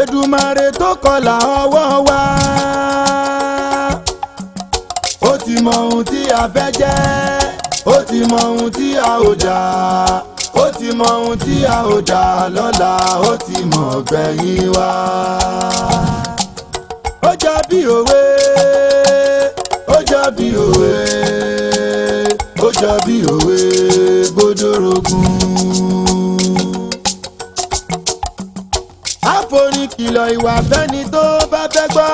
Èdùmàrè tó kọlà ọwọ́ wa ó ti mọ ohun tí a fẹ́ jẹ́ ó ti mọ ohun tí a ò jà ó ti mọ ohun tí a ò jà lọ́la ó ti mọ̀ gbẹ̀yìn wa ó jọ bí òwe ó jọ bí òwe ó jọ bí òwe gbódòrógún. ìkìlọ̀ ìwà fẹ́ni tó bá fẹ́ gbọ́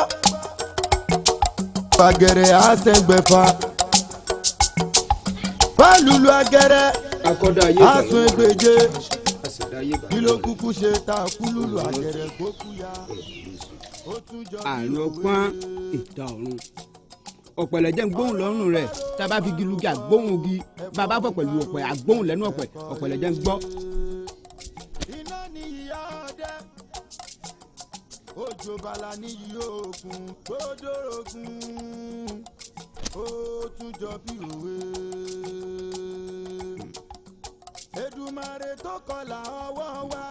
fàgẹ̀rẹ̀ àṣẹgbẹ̀fà fálùlù agẹrẹ àsun ẹgbẹ̀je kí ló kúkú ṣe ta kúlùlù agẹrẹ gbókú ya àrùn ọpọ́n ìta ọ̀run ọ̀pẹ̀lẹ̀ jẹ́ gbóhùn lọ́rùn rẹ̀ tá a bá fi gilugi àgbóhùn gi bá a bá fọ̀ pẹ̀lú ọ̀pẹ̀ àgbóhùn lẹ́nu ọ̀pẹ̀ ọ̀pẹ̀lẹ̀ jẹ́ gbọ́ ojú bala níyì òkun gbódòrókun ó tún jọ bí òwe. Èdùmàrè tó kọlà ọwọ́ wa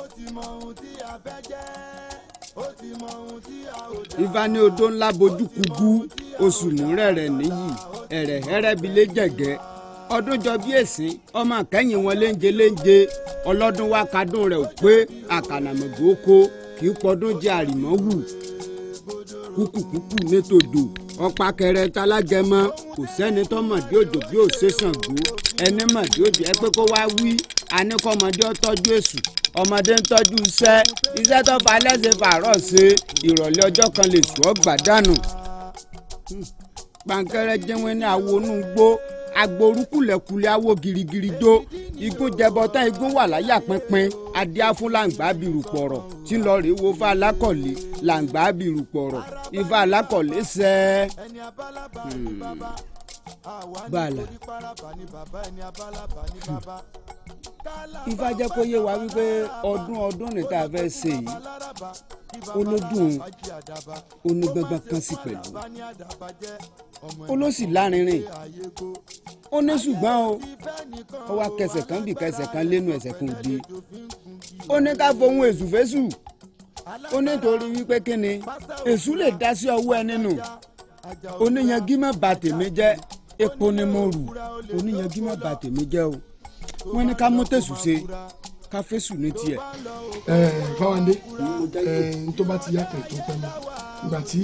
ó ti mọ ohun tí a fẹ́ jẹ́ ó ti mọ ohun tí a ò dá. ifá ní ńlá bojú kúgú oṣù múrẹ̀rẹ̀ níyì ẹ̀rẹ̀hẹ́rẹ́ bi lé jẹ̀gẹ́ ọdún jọ bí èsìn ọmọ kẹ́yìn wọn léńje léńje ọlọ́dún wa kadún rẹ̀ ò pé àkànàmọ̀gbò kó kì í pọdún jẹ àrìmọ́ wù kúkúkúkú nítòdò ọ̀pá kẹrẹ talágẹmọ kò sẹ́ni tó mọ̀ bí òjò bí òṣè Ṣàngó ẹni mọ̀ bí òjò ẹ pé kó wá wí aníkọ́mọdé ọtọ́jú èṣù ọmọdé ń tọ́jú iṣẹ́ iṣẹ́ tó fa lẹ́sẹ̀ fàárọ̀ ṣe ìrọ̀lẹ́ ọjọ́ kan lè sùn ọ́ gbàdánù. pàǹkẹ́rẹ́ hmm, jẹ́wé ní awonú gbó agboru kulẹ̀kulẹ̀ awo girigiri do igbó jẹbọtá igbó wà láyà pínpín adé afún bìrù pọ̀rọ̀ tí lọ wo fa alákọ̀lé làǹgbà bìrù pọ̀rọ̀ ifá alákọ̀lé sẹ́ hmm. bàlà. Hmm ifá jẹ́ kó yé wa wípé ọdún ọdún ní tá a fẹ́ ṣe yìí olódùn onígbọ̀ngbọ̀n kan sí pẹ̀lú olóṣì lárinrin ó ní ṣùgbọ́n o ó wá kẹsẹ̀ kan bì kẹsẹ̀ kan lẹ́nu ẹsẹ̀ kan òde ó ní ká fohun èṣùfẹ́ṣù ó ní torí wípé kíni èṣù lè dá sí ọwọ́ ẹ nínú oníyangí má bà tèmi jẹ́ epo ni mo rù oníyangí má bà tèmi jẹ́ o wọ́n ní ká mú tẹ̀sù ṣe ká fẹ́sù ní tiẹ̀. ẹ ẹ fáwọnde ẹ n tó bá ti yá pẹ̀ tó pẹ́ mọ́ ìgbà tí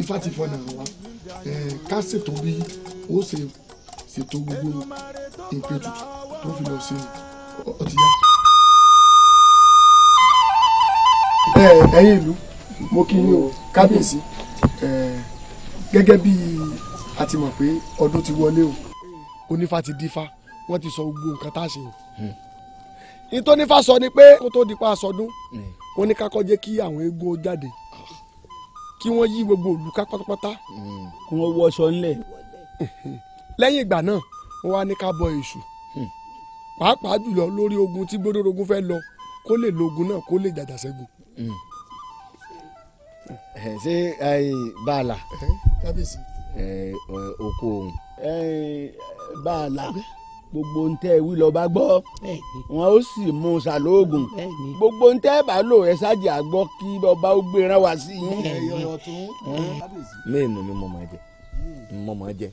ifá ti fọ́nà wa ẹ ká ṣètò bí ó ṣe ṣètò gbogbo nǹkan ètùtù tó fi lọ sí ọtí yá. ẹ ẹ̀yin ìlú mo kí yín o kábíyèsí gẹ́gẹ́ bí a ti mọ̀ pé ọdún ti wọlé o onífá ti dífá wọ́n ti sọ gbogbo nǹkan tá a ṣe ìtọ́nífà sọ ni pé kó tó di pa àsọdún wọ́n ní kakọ́ jẹ́ kí àwọn eégún jáde kí wọ́n yí gbogbo òlù ká pátápátá. kí wọ́n wọṣọ ńlẹ̀. lẹ́yìn ìgbà náà wọ́n wá ní ká bọ èṣù pàápàá jùlọ lórí ogun tí gbódórógún fẹ́ lọ kó lè lo náà kó lè jàjà ṣẹ́gun. ṣé bàálà òkú òun. bàálà gbogbo ń tẹ́ wí lọ́ọ́ bá gbọ́ wọn ó sì mú un ṣàlóògùn gbogbo ń tẹ́ bá lò ẹ ṣáàjì àgbọ́ kí ọba ó gbé rán wá sí yín. léèmù mi mọ̀mọ́ jẹ mọ̀mọ́ jẹ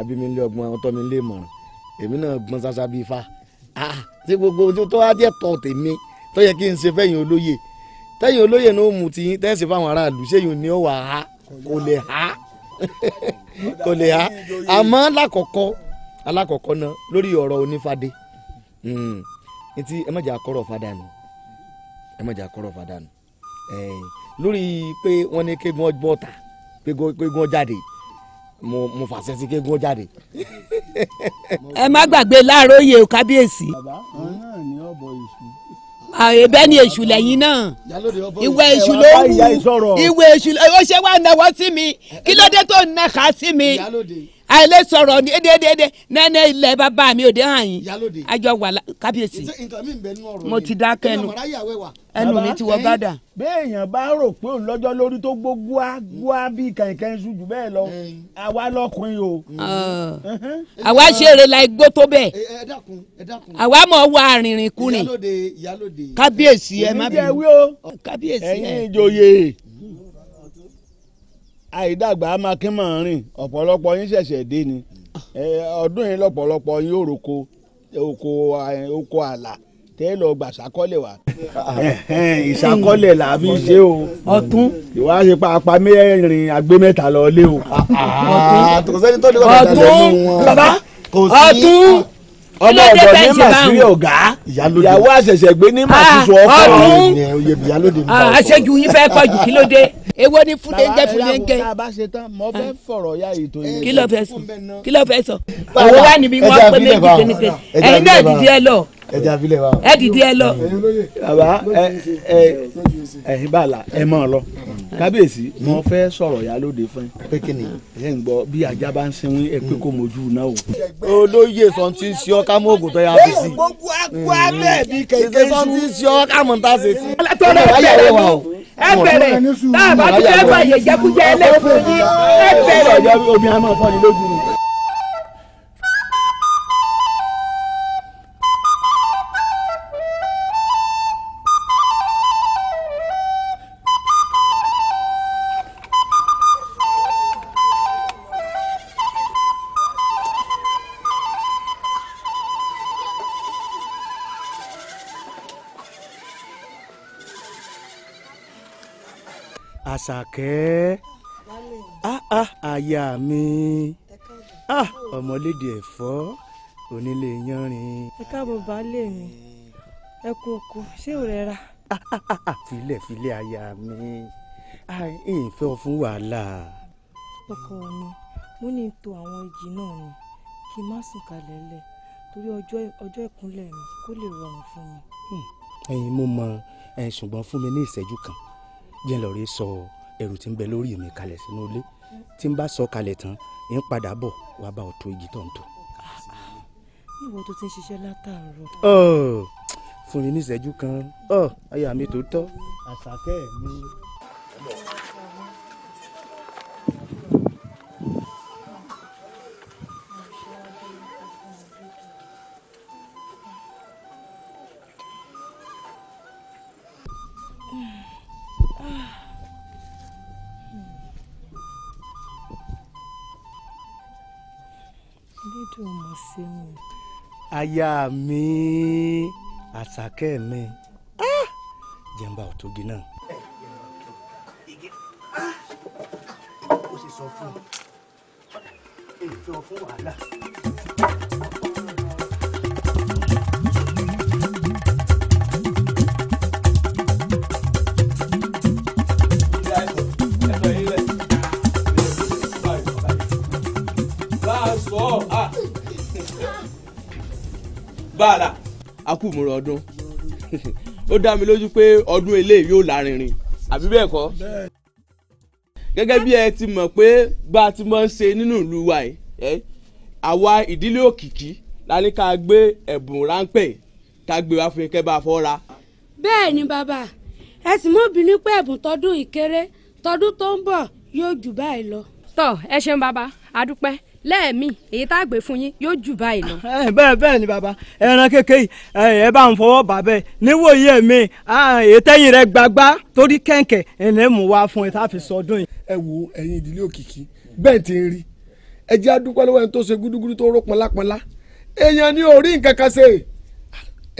abimile ọgbọ́n ọtọ́ mi lè mọ̀ràn èmi náà gbọ́n ṣáṣá bíi fa ṣé gbogbo tó wá jẹ́ tọ̀ tèmi tó yẹ kí n ṣe fẹ́yìn olóye tẹ́yìn olóye ní òmù tí tẹ́sí fáwọn aráàlú ṣéyìn ni ó wà á kò lè há kò lè há àmọ́ lákọ̀ọ́kọ́ alákọ̀ọ́kọ́ ná lórí ọ̀rọ̀ onífàdé etí hmm. ẹ má jẹ́ akọ́rọ̀ fàdà nù ẹ má jẹ́ akọ́rọ̀ fàdà nù lórí pé wọ́n ní kéegun ọgbọ́n ta kéegun jáde mo mo fàṣẹ sí kéegun jáde. ẹ má gbàgbé láàróyè o kábíyèsí. bàbá òun náà ní ọ̀bọ èṣù àbẹ ni èṣù lẹ́yìn náà ìwé èṣù ló wù ìwé èṣù ló ṣe wà náwó sí mi kí ló dé tó ń mi àìlè sọ̀rọ̀ ní èdè èdè èdè nẹ́ẹ̀nẹ́ ilẹ̀ bàbá mi òde hàn yín àjọ wà kábíyèsí mo ti dá kẹnu ẹnu mi ti wọ gádà. béèyàn bá rò pé òun lọ́jọ́ lórí tó gbó gbúá gbúá bíi kẹ̀kẹ́ ṣu jù bẹ́ẹ̀ lọ àwa lọkùnrin o. àwa ṣeré la igbó tó bẹ́ẹ̀ àwa mọ̀ wá arìnrìn kùnrin kábíyèsí ẹ má bínú kábíyèsí ẹ. ẹ̀yin ìjòyè. àìdàgbà amákínmọ̀ rìn ọ̀pọ̀lọpọ̀ yín ṣẹ̀ṣẹ̀ dé ni ọdún yìí lọ́pọ̀lọpọ̀ yín ó roko oko oko àlà lọ gbà wa. fi ṣe o. ọtún. ọtún ọtún ọmọ ní màsírí ìyàwó gbé ní ọkọ ah, ah, yín fẹ́ pọ̀ èwo ni fúdẹ́ńgẹ́ fúdẹ́ńgẹ́. tá a bá ṣe tán mo fẹ́ ah. fọ̀rọ̀ ya ètò ìlú. kí ló fẹ́ sọ kí ló fẹ́ sọ. àwọn wa níbi wọn pé méjì kéne pé ẹ̀yin náà dìde ẹ lọ ẹja abilẹ wa. ẹ dìde ẹ lọ. baba ẹ ẹ ẹyin bá la ẹ mọ lọ kábíyèsí mo fẹ́ sọ̀rọ̀ ya lóde fún yín. pé kí ni. ẹ ń gbọ́ bí ajá bá ń sinwín ẹ pé kó mojú náà o. olóyè sọ ti tó yà á fi sí. gbogbo àgbà bẹ́ẹ̀ kẹ̀kẹ́ sùn. sọ ẹ bẹ̀rẹ̀ tá a bá tún fẹ́ fàyè jẹkújẹ ẹlẹ́fun yín ẹ obìnrin máa fọ́ ni lójú ni. àṣàkẹ́ àyà ah, ah, mi ah, ọmọlédè ẹ̀fọ́ onílé yanrìn. ẹ káàbọ̀ baálé mi ẹ kú kú ṣé ò rẹ ra. filẹ̀ filẹ̀ àyà mi ìfẹ́ fún wàhálà. ọkọ mi mo ní to àwọn ìjì náà ni kí n má sùn kalẹ̀ lẹ̀ torí ọjọ́ ìkúnlẹ̀ mi kó lè rọrùn fún mi. Hmm, ẹyin mo mọ ẹ ṣùgbọ́n fún mi ní ìṣẹ́jú kan jẹ́ lọ́ọ́ rí sọ ọ́ ẹrù tí ń bẹ lórí mi kalẹ̀ sínú ilé tí ń bá sọ kalẹ̀ tán ń padà bọ̀ wá bá ọ̀tún igi tó ń tò. níwọ̀n tó ti ń ṣiṣẹ́ látàárọ̀. fún mi ní ìṣẹ́jú kan àyà mi tó tọ́ àṣàkẹ́ mi. elédùn mọ̀ sí mi. aya mi àsàkẹ́ mi ah! jẹ́nba òtógi náà. sì sọ fún un èyí tó fún wàhálà. bàálà a kú ìmúra ọdún ó dá mi lójú pé ọdún eléyìí yóò lárinrin àbí bẹ́ẹ̀ kọ́ gẹ́gẹ́ bí ẹ ti mọ̀ pé bá a ti mọ̀ ṣe nínú ìlú wa yìí àwa ìdílé òkìkí la ní ká gbé ẹ̀bùn ráńpẹ́ ká gbé wá fún kẹ́ bá a fọ́ ra. bẹ́ẹ̀ ni bàbá ẹ sì mọ̀ bínú pé ẹ̀bùn tọdún ìkéré tọdún tó ń bọ̀ yóò jù báyìí lọ. tọ ẹ ṣeun bàbá a lẹ́ẹ̀mí èyí tá a gbé fún yín yóò jù báyìí lọ. Eh, bẹ́ẹ̀ bẹ́ẹ̀ ni bàbá ẹran kékeré eh, ẹ bá ń fọwọ́ bà bẹ́ẹ̀ níwòye mi ah, ètẹ́yìn rẹ gbagbá torí kẹ̀ǹkẹ̀ ẹ̀lẹ́ mú wá fún ẹ tá a fi sọdún yìí. ẹ wo ẹ̀yin ìdílé òkìkí bẹ́ẹ̀ ti ń rí ẹ jẹ́ àdúpẹ́ lọ́wọ́ ẹni tó ṣe gúdúgúdú tó rọ́ pọnlápọnlá èèyàn ní orí nǹkan kan ṣe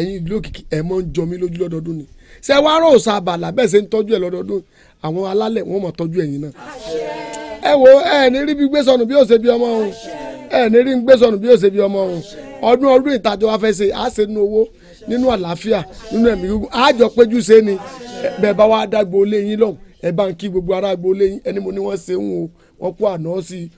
ẹ̀yin ìdílé òkìkí ẹ mọ́ ń jọ mí lójú lọ́dọọdún ni ṣé wàá rò ẹ wo ẹ ní rí bí gbé sọnù bí ó ṣe bí ọmọ òun ẹ ní rí gbé bí ó ṣe bí ọmọ òun ọdún ọdún ìtajà wa ṣe nínú owó nínú àlàáfíà nínú jọ péjú ṣe ni bẹ́ẹ̀ dágbo gbogbo ará gbo lé yín ẹni mo ní wọ́n ṣe ń wo wọ́n kó àná sí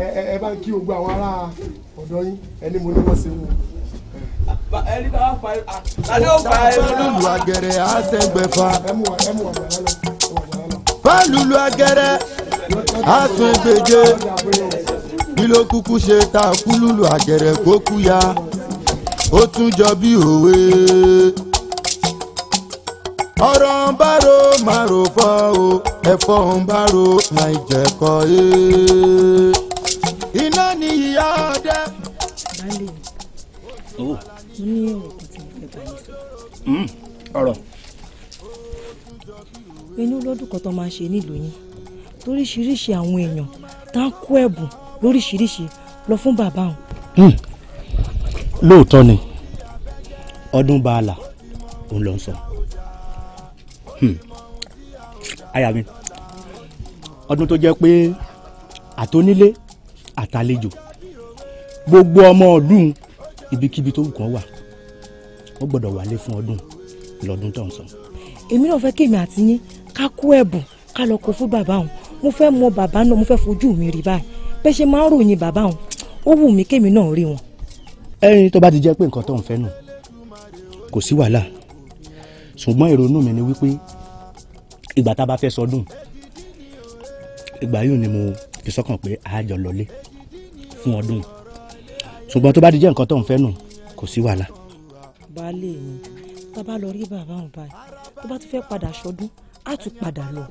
ẹ bá ń kí gbogbo àwọn ará ọ̀dọ́ yín ẹni mo ní wọ́n ṣe wò. ẹni tá a fa ẹni ó fa ẹni olúlu agẹrẹ àtẹgbẹfà. pálùlù agẹrẹ àsun ẹgbẹjẹ ṣe ta kúlùlù agẹrẹ kó ya ó tún jọ bí òwe ọ̀rọ̀ ń bá ro màrò fọ́ o ẹ̀fọ́ ń bá ro àìjẹ̀kọ́ yé iná ni ìyá ọdẹ. baálé mi mo ní ọ̀rọ̀ kan tí mo fẹ́ bá yín sọ. Hmm, ọ̀rọ̀. inú lọ́dún kan tó máa ṣe nílùú yín toríṣiríṣi àwọn èèyàn tá ń kó ẹ̀bùn lóríṣiríṣi lọ fún bàbá òun. Hmm, lóòótọ́ ni ọdún bàálà òun ló ń sọ hmm, aya mi ọdún tó jẹ́ pé àtọ́nílé àtàlejò gbogbo ọmọ ọdún ibikíbi tó wù kán wà wọ́n gbọ́dọ̀ wálé fún ọdún lọ́dún tó ń sọ. èmi náà fẹ́ kí èmi àti yín ká kó ẹ̀bùn ká lọ kó fún bàbá òun mo fẹ́ mọ bàbá náà mo fẹ́ fojú mi rí báyìí bẹ́ ṣe máa ń ròyìn bàbá òun ó wù mí kémi náà rí wọn. ẹyin tó bá ti jẹ́ pé nǹkan tó ń fẹ́ nù kò sí wàhálà ṣùgbọ́n ìrònú mi ni wípé ìgbà tá a bá fẹ́ sọdún ìgbà yóò ni mo fi sọ́kàn pé àájọ lọlé fún ọdún ṣùgbọ́n tó bá ti jẹ́ nǹkan tó ń fẹ́ nù kò sí wàhálà. baálé mi tá a bá lọ rí bàbá òun báyìí tó bá ti fẹ́ padà sọdún á tún padà lọ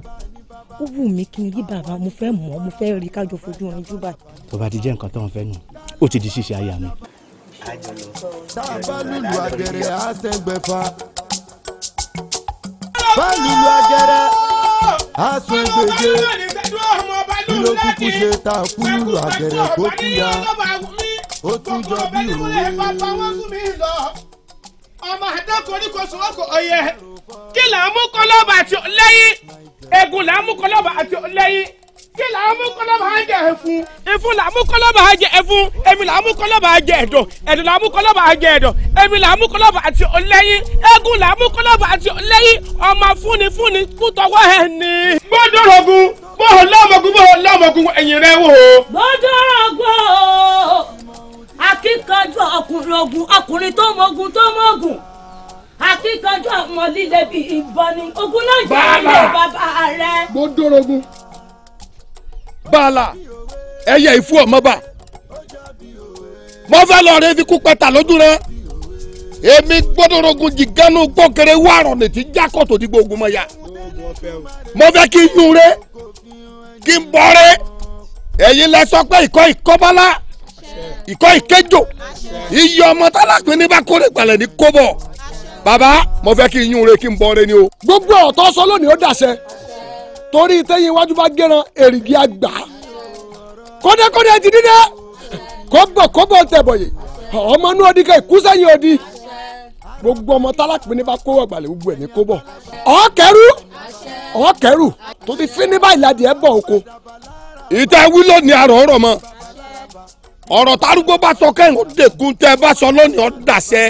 ó wù mí kí n rí bàbá mo fẹ́ mọ̀ mo fẹ́ rí kájọ fojú orin jú báyìí. tó bá ti jẹ́ nǹkan tó ń fẹ́ nù ó ti di ṣíṣe aya mi. tá a bá lùlù àgẹ̀rẹ̀ á sẹ́gbẹ̀fà bá lùlù àgẹ̀rẹ̀ á sọ ẹgbẹ̀jẹ̀ kí ló kúkú ṣe ta kúrú àgẹ̀rẹ̀ tó kú ya ó tún jọ bí òwe. ọmọ àdá koríko sọ́kò ọ̀yẹ́ kí làá mú kọ́lọ́bà àti lẹ́yìn egun làá mú kọ́lọ́bà àti lẹ́yìn kí là á mú kọ́lọ́bà á jẹ ẹ̀fun. ìfun là á mú kọ́lọ́bà á jẹ ẹ̀fun èmi là á mú kọ́lọ́bà á jẹ ẹ̀dọ̀ ẹ̀dọ̀ là á mú kọ́lọ́bà á jẹ ẹ̀dọ̀ èmi là á mú kọ́lọ́bà àti ọ̀lẹ́yìn eégún là á mú kọ́lọ́bà àti ọ̀lẹ́yìn ọmọ fúnni fúnni kú tọwọ́ ogun náà jẹ́ bàálà ẹyẹ ìfú ọmọba mo fẹ́ lọ rẹ fi kú pẹ́ta lójú rẹ èmi gbọ́dọ̀rọ̀gùn jìgánu gbọ́kẹrẹ wàrọ̀ nìtí jákọ̀tò dìgbò ogun mọ̀ ya mo fẹ́ kí n yún rẹ kí n bọ́ rẹ ẹ̀yin lẹ sọ pé ìkọ́ ìkọ́bọ́lá ìkọ́ ìkẹjọ iye ọmọ tálákùn ní bá kórè gbalẹ̀ ní kóbọ̀ bàbá mo kí n yún rẹ kí n bọ́ rẹ ni o. gbogbo ọ̀tọ́ sọ lónìí ó dàṣẹ torí tẹ́yìn iwájú bá gẹ́ran èrìgì àgbà kọ́dẹ́kọ́dẹ́ ti dídẹ́ kọ́bọ̀kọ́bọ̀ tẹ̀bọ̀yè ọmọ inú odi kẹ́ ìkú sẹ́yìn odi gbogbo ọmọ tálákùn ní bá kó ọgbàlẹ̀ gbogbo ẹ̀ ní kó bọ̀ ọ̀ọ́kẹ́rù ọ̀ọ́kẹ́rù tó ti fi ní báyìí ládìẹ bọ̀ oko. ìtẹ́ wí lónìí àrò ọ̀rọ̀ mọ́ ọ̀rọ̀ tárúgbó bá sọ kẹ́hìn ó dẹ̀kun tẹ́ ẹ bá sọ lónìí ó dàṣẹ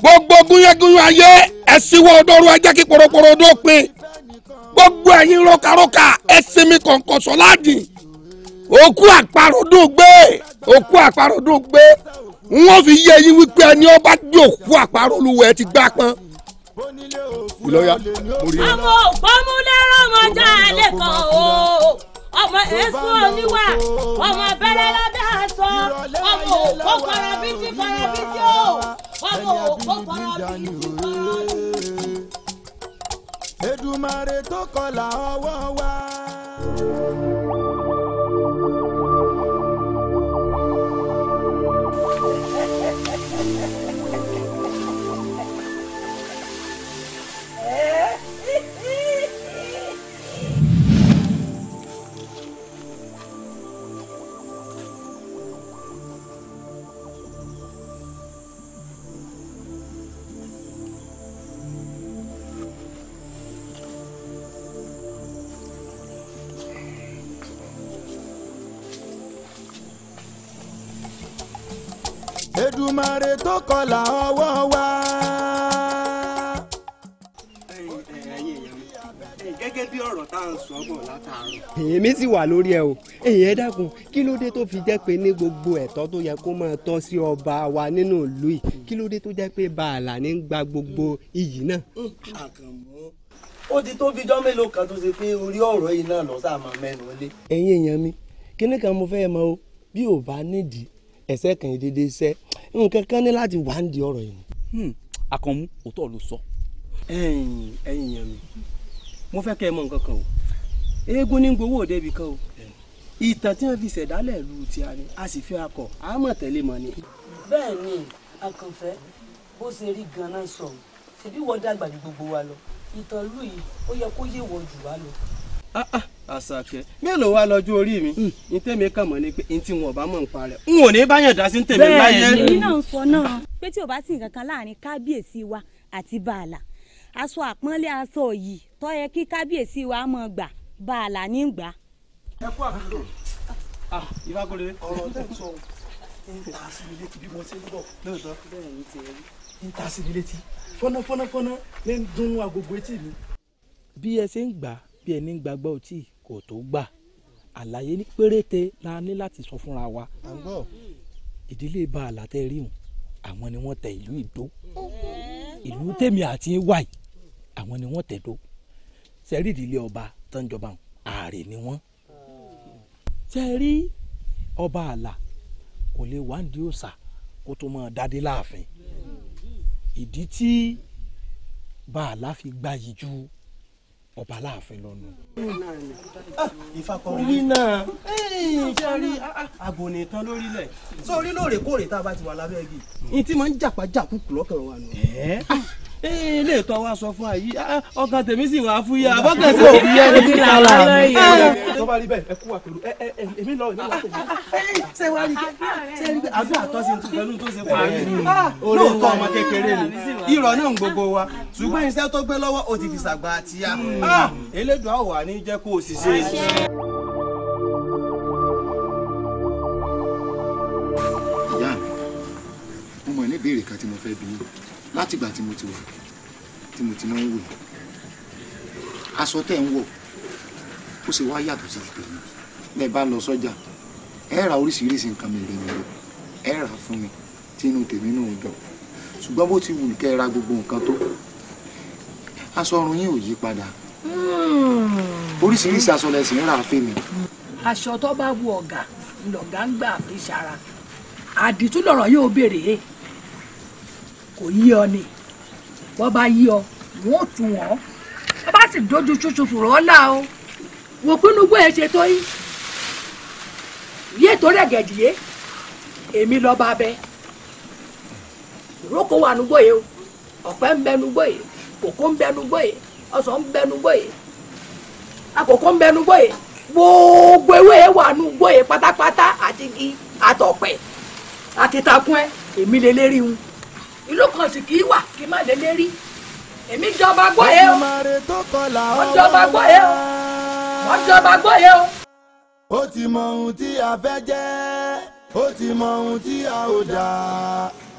gbogbo gúnyẹ́gúnyẹ́ ayé ẹ síwọ́ ọdọ́rú ẹ jẹ́ kí poroporo dópin gbogbo ẹ̀yin rọkàrọkà ẹ sinmi kọ̀ǹkọ̀ sọ́láàdì òkú àparòdùn gbé òkú àparòdùn gbé wọ́n fi yé yín wípé ẹni ọba gbé òkú àparòlùwẹ̀ ti gbá pọ́n ìlọ́yà orí ẹ̀. àwọn òpómúlẹ́rọ̀ ọmọdé alẹ́ kan o ọmọ èso oníwà ọmọ bẹ́rẹ́ lábẹ́ aṣọ ọmọ òkú kọ̀rọ̀ bíi ti kọ̀rọ̀ bíi ti o ọmọ òkú kọ̀rọ̀ bíi ti kọ̀rọ̀ bíi Èdùmàrè tó kọlà ọwọ́ wa. Èdùmàrè tó kọlà ọwọ́ wa. gẹ́gẹ́ bí ọ̀rọ̀ tá à ń sọ bọ̀ látàárọ̀. èmi sì wà lórí ẹ o èyí ẹ dákun kí ló dé tó fi jẹ́ pé ní gbogbo ẹ̀tọ́ tó yẹ kó máa tọ́ sí ọba wa nínú ìlú yìí kí ló dé tó jẹ́ pé bàálà ní gba gbogbo iyì náà. àkànmọ́ ó ti tó bíjọ́ mélòó kan tó ṣe pé orí ọ̀rọ̀ yìí náà lọ máa mẹ́nu lé. ẹ̀yin èèyàn mi kíní mo fẹ́ mọ̀ o bí ò bá nídìí ẹ̀sẹ̀ kan ìdédé iṣẹ́ nǹkan kan ní láti wà ń di ọ̀rọ̀ yìí. Hmm, àkànmú òótọ́ ló sọ. ẹ̀yin ẹ̀yin yẹn mi mo fẹ́ kẹ́ ẹ mọ nǹkan kan o eégún ní gbowó òde ibì kan o ìtàn tí wọ́n fi ṣẹ̀dálẹ̀ lu ti a ni a sì fi akọ a mọ̀ tẹ́lẹ̀ mọ́ ni. bẹ́ẹ̀ ni àkànfẹ́ bó ṣe rí ganan sọ ṣebí wọ́n dàgbà ní gbogbo wa lọ ìtàn lù yìí ó yẹ kó yé wọ jù wá lọ. Ah, ah, àṣàkẹ́ mélòó wá lọ́jọ́ orí mi hmm. ní tèmi kàn mọ́ ni pé ní tí wọn ò bá mọ̀ nípa rẹ̀ n ò ní báyàn dá sí tèmi láyé. bẹ́ẹ̀ ni èyí náà ń sọ náà pé tí o bá sì nǹkan kan láàrin kábíyèsí wa àti bàálà aṣọ àpọ́nlé aṣọ yìí tó yẹ kí kábíyèsí wa mọ̀ gbà bàálà ní gbà. ẹ kú àbúrò ìbákúrẹ́ ah, ọ̀rọ̀ tẹ̀ ń sọ ń ta bí mo ṣe ń bọ̀ lóòótọ́ bẹ́ẹ̀ ni fọ́nà fọ́nà fọ́nà mi. bí ẹ ṣe ń gbà bí ẹni ń gbàgbọ́ òtí kò tó gbà àlàyé ní péréte la ní láti sọ fúnra wa ìdílé ba àlàtẹ rí hùn àwọn ni wọ́n tẹ ìlú ìdó ìlú tèmi àti wáì àwọn ni wọ́n tẹ dó sẹ́rí ìdílé ọba tọ́njọba ààrẹ ni wọ́n sẹ́rí ọba àlà kò lè wá ní òòsà kó tó máa dádé láàfin ìdí tí bàálà fi gbayì ju ọba aláàfin lọ́nu. ìfakọrí náà sọ́rí àgùnì tán lórílẹ̀ sọ́rí lóòrèkóòrè tá a bá ti wà lábẹ́ igi. ní tí máa ń jàpá jàkú kùlọ́kẹ̀ wà nù. Eh, ilé ìtọ́ wa sọ fún àyí ah, ah, ọkàn tèmi sì wà fún yá abọ́kàn sí òbí yẹn ní kíkà là ń bẹ̀. tó bá rí bẹ́ẹ̀ ẹ kú wa pẹ̀lú ẹ ẹ èmi lọ èmi lọ tèmi. Eh, ṣé wàá rí ṣé rí àdúrà tó ṣe pẹ̀lú tó ṣe parí ni lóòótọ́ ọmọ kékeré ni irọ́ náà ń gbogbo wa ṣùgbọ́n iṣẹ́ tó gbé lọ́wọ́ ó ti fi àti ya hmm. ah, elédùn àwọ̀ àní jẹ́ kó o sì ṣe ìyá mi mo mọ̀ láti ìgbà tí mo ti wà tí mo ti máa ń wò yìí aṣọ tẹ̀ ń wọ̀ ó ṣe wá yàtọ̀ sí tèmi bẹ́ẹ̀ bá lọ sọ́jà ẹ ra oríṣiríṣi nǹkan mèrè mèrè ẹ rà fún mi tí inú tèmi náà ń dùn ṣùgbọ́n bó ti wù kẹ́ ẹ ra gbogbo nǹkan tó aṣọ ọrùn yín ò yí padà hmm. oríṣiríṣi aṣọ lẹ́sìn ń rà fèmí. aṣọ tó bá wù ọ̀gá lọ̀gá ń gbà fi ṣara àdìtú lọ̀rọ̀ yóò béèrè kò yí ọ ni wọ́n bá yí ọ wọ́n ò tún wọ́n wọ́n bá sì dojú ṣoṣo fòrò o wò pinnu gbọ́ ẹ ṣe tó yí yé torí ẹ̀gẹ̀dìyé èmi lọ bá bẹ ìrókò wà nugbó yìí o ọ̀pẹ ń bẹ nugbó yìí kòkó ń bẹ nugbó yìí ọsàn ń bẹ nugbó yìí àkókò ń bẹ nugbó yìí gbogbo ewé wà nugbó yìí pátápátá àti igi àtọ̀pẹ àti takun ẹ èmi lè lérí wọn ìlú kan sì kì í wà kì í má lé lérí èmi jọba gbọ́ yẹ o wọ́n jọba gbọ́ yẹ o wọ́n jọba gbọ́ yẹ o. ó ti mọ ohun tí a fẹ́ jẹ́ ó ti mọ ohun tí a ò dà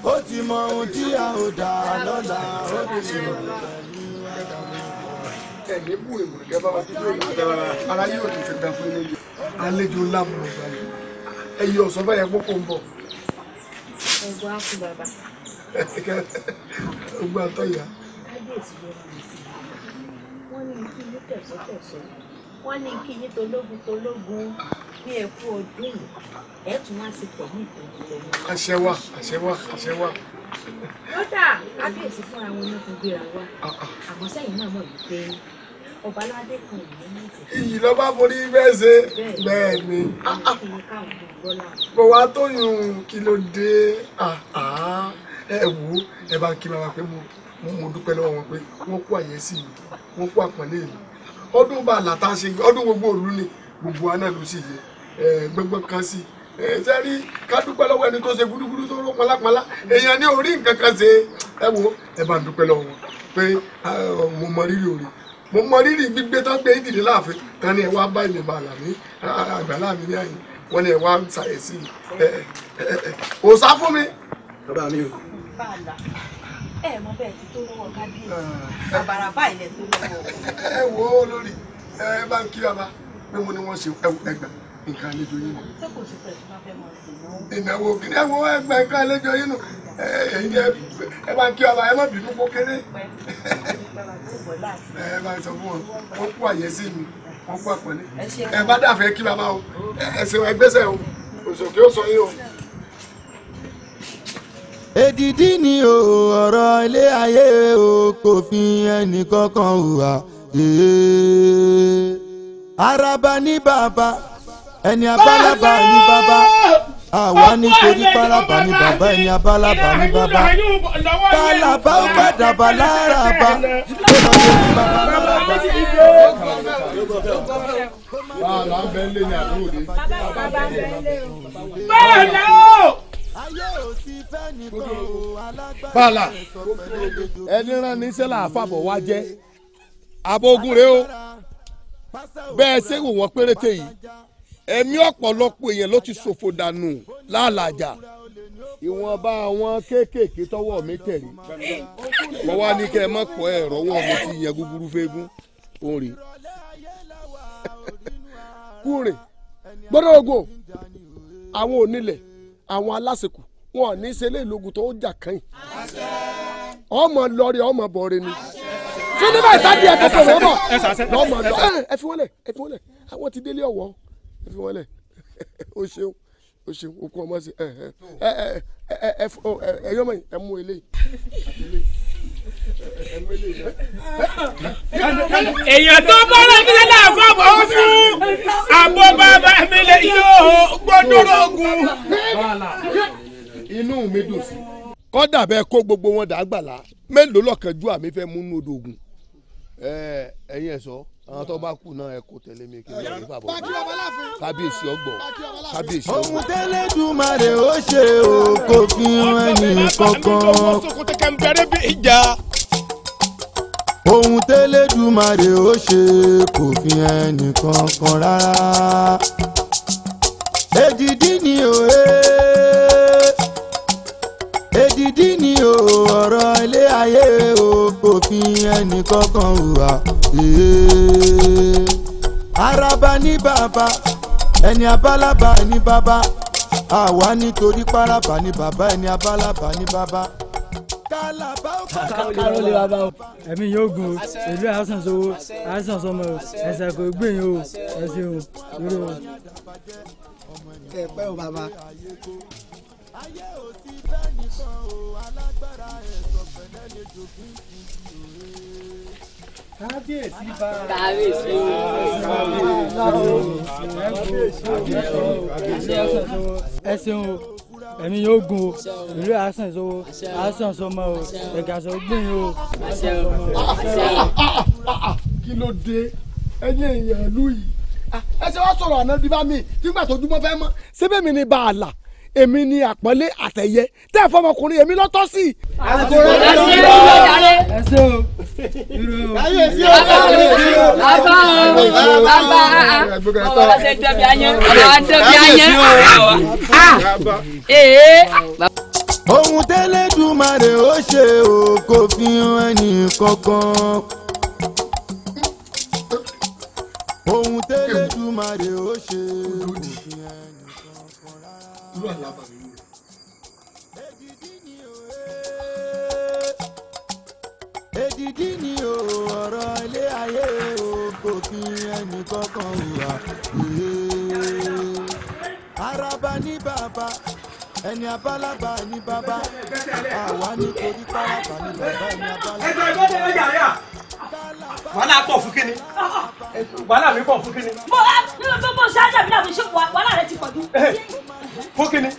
ó ti mọ ohun tí a ò dà lọ́la ó ti mọ ohun tí a ò ńlá mo lọ gbà yìí ọ̀sán báyẹn pọ̀ pọ̀ ń bọ̀. ọ̀gbọ́n á kú bàbá ogun àtọyà. wọ́n ní kí ní tẹ̀sọ́tẹ̀sọ́ wọ́n ní kí ní tológun tológun ní ẹ̀kú ọdún yìí ẹ̀ tún wá sí pọ̀ ní ìtọ́jú tẹ̀lé. àṣẹ wa àṣẹ wa àṣẹ wa. lọ́dà kábíyèsí fúnra wọn ló fún gbéra wa ah, ah. àmọ́ sẹ́yìn náà mọ̀ wípé ọba aládé kan ò ní ìtẹ̀. iyì ló bá forí bẹ́ẹ̀ ṣe bẹ́ẹ̀ ni. kò wá tóyún kí ló dé. Ah, ẹ wo ẹ bá ń kí mama pé mo mo dúpẹ́ lọ́wọ́ wọn pé wọ́n kó àyẹ́sí mi wọ́n kó àpọ́nlé mi ọdún bá làtà ṣe ọdún gbogbo òlu ni gbogbo wa náà ló sì yẹ ẹ gbẹgbẹ kan sí ẹ sẹ́rí ká dúpẹ́ lọ́wọ́ ẹni tó ṣe gúdúgúdú tó rọ pọlápọlá èèyàn ní orí nǹkan kan ṣe ẹ wo ẹ bá ń dúpẹ́ lọ́wọ́ wọn pé mo mọ rírì òrì mo mọ rírì gbígbé tó gbé ìdílé láàfin tán ni ẹ wá bá ìlẹ̀ bàlà mi àgbàlá mi ní àyè wọn ni ẹ wá ń ṣàyẹ̀sí ẹ ẹ ò sá fún mi. bàbá mi o bàlá ẹ mọ bẹ́ẹ̀ ti tó lọ́wọ́ kábíyèsí àbàrà báyìí lẹ tó lọ́wọ́. ẹ wo olórí ẹ bá ń kí bàbá pé mo ní wọn ṣe ẹgbà nǹkan àlejò yìí nù. ṣé kò sí pẹ̀lú máa fẹ́ mọ ìnáwó kìnìún ẹwọ ẹgbà nǹkan àlejò yìí nù ẹ bá ń kí bàbá ẹ má bínú kó kéré. ẹ bá ń sọ fún wọn wọn kú àyè sí mi wọn kú àpọ̀lé ẹ bá dàfẹ́ kí bàbá o ẹ ṣe ẹgbẹ́sẹ̀ o òṣòkè ó sọ yín o èdìdí ni o ọ̀rọ̀ ilé ayé o kò fi ẹnì kankan hùwà araba ní bàbá ẹni abálábà ní bàbá àwa nítorí pálábà ní bàbá ẹni abálábà ní bàbá pálábà ó padà bà láraba ó lọ o bala ẹni rán ní sẹ́là àfàbọ̀ wá jẹ́ abogun rèé o bẹ́ẹ̀ ṣé wò wọ́n péréte yìí ẹ̀mí ọ̀pọ̀lọpọ̀ èèyàn ló ti ṣòfò dànù lálàjà ìwọ̀nba àwọn kéékèèké tọwọ́ mi tẹ̀lé wọ́n wá ní kẹ́ ẹ má pọ̀ ẹ̀ rọ́wọ́ mi ti yẹ gúgúrú fẹ́gún òrì kúrè gbọ́dọ̀ ògo àwọn onílẹ̀ àwọn alásìkò wọn ò ní ṣe lé tó jà kàn yìí ọmọ lọrẹ ọmọ bọrẹ ni fún nígbà ìtàdí ẹ̀kọ́ pẹ̀lú ọmọ lọmọ lọ ẹ fi wọn lẹ ẹ fi wọn lẹ àwọn ti délé ọwọ ẹ fi wọn lẹ o ṣeun o ṣeun o kú ọmọ sí ẹ ẹ ẹ ẹ ẹ ẹ yọmọ yìí ẹ mú eléyìí èèyàn tó bá lọ́kílẹ̀ náà fọ́bọ̀ ó fún àbọ̀ bàbá mi lè yọ gbọ́dọ̀ ogun inú mi dùn sí. kọ́dà bẹ́ẹ̀ kó gbogbo wọn dà gbàlá mélòó lọ́kànjú àmì fẹ́ mú nínú odò ògùn ẹ̀yin ẹ̀ sọ àwọn tó bá kù náà ẹ kò tẹ̀lé mi kí n lọ rí bàbá kábíyèsí ọgbọ̀n kábíyèsí ọgbọ̀n. ohun tẹ́lẹ̀ dùmarè ó ṣe o kò fi hàn ní kankan. ohun tẹ́lẹ̀ dùmarè ó ṣe kò fi hàn ní kankan rárá. èjìdí ni òye. ọ̀rọ̀ ilé ayé o òfin ẹnì kankan hùwà. araba ní bàbá ẹni abálábà ní bàbá àwa nítorí pálábà ní bàbá ẹni abálábà ní bàbá káró lè wá bá o ẹ̀mí yóò gun o ìlú àìsàn sowó àìsàn sọmọ o ẹ̀sẹ̀ kò gbìyànjú o ẹ̀sìn o yòrò o. ẹ o bàbá. kábíyèsí bá kábíyèsí ẹ ṣeun o ẹ̀mí yóò gùn o ìlú àásán ìṣòwò àásán ìṣòmọ o gbìn o. kí ló dé ẹ̀yin èèyàn ìlú yìí ah, ẹ ṣe wá sọ̀rọ̀ mi nígbà tó dúpọ́ fẹ́ mọ́ síbẹ̀ mi ni bàálà èmi ni àpọ́nlé àtẹ̀yẹ tẹ́ ẹ̀ fọmọkùnrin èmi lọ́tọ́ sí. àsìkò rẹ̀ ló ń lọ ẹ ṣe o irú o. ayé sí o bàbá o bàbá o bàbá o bàbá ṣe dẹbi ayé bàbá dẹbi ayé. ee. ohun tẹ́lẹ̀ dùmarè ó ṣe o kò fi hàn ní kankan. ohun tẹ́lẹ̀ dùmarè ó ṣe o kò fi hàn ní kankan àdúrà làbà nínú rẹ̀. èdìdí ni o ọ̀rọ̀ ilé ayé o kò fi ẹnì kankan hùwà eh. araba ni bàbá ẹni abálábà ni bàbá àwa nítorí pálábà ní bàbá ẹni abálábà. ẹjọ́ ìgbọ́dọ̀ ẹ̀yà rẹ̀ à wàhálà pọ̀ fún kínní wàhálà mi pọ̀ fún kínní. mo nínú tó bó ṣáájà mi náà fi ṣe wàhálà rẹ ti pọ̀ jù. Eh fún kínní.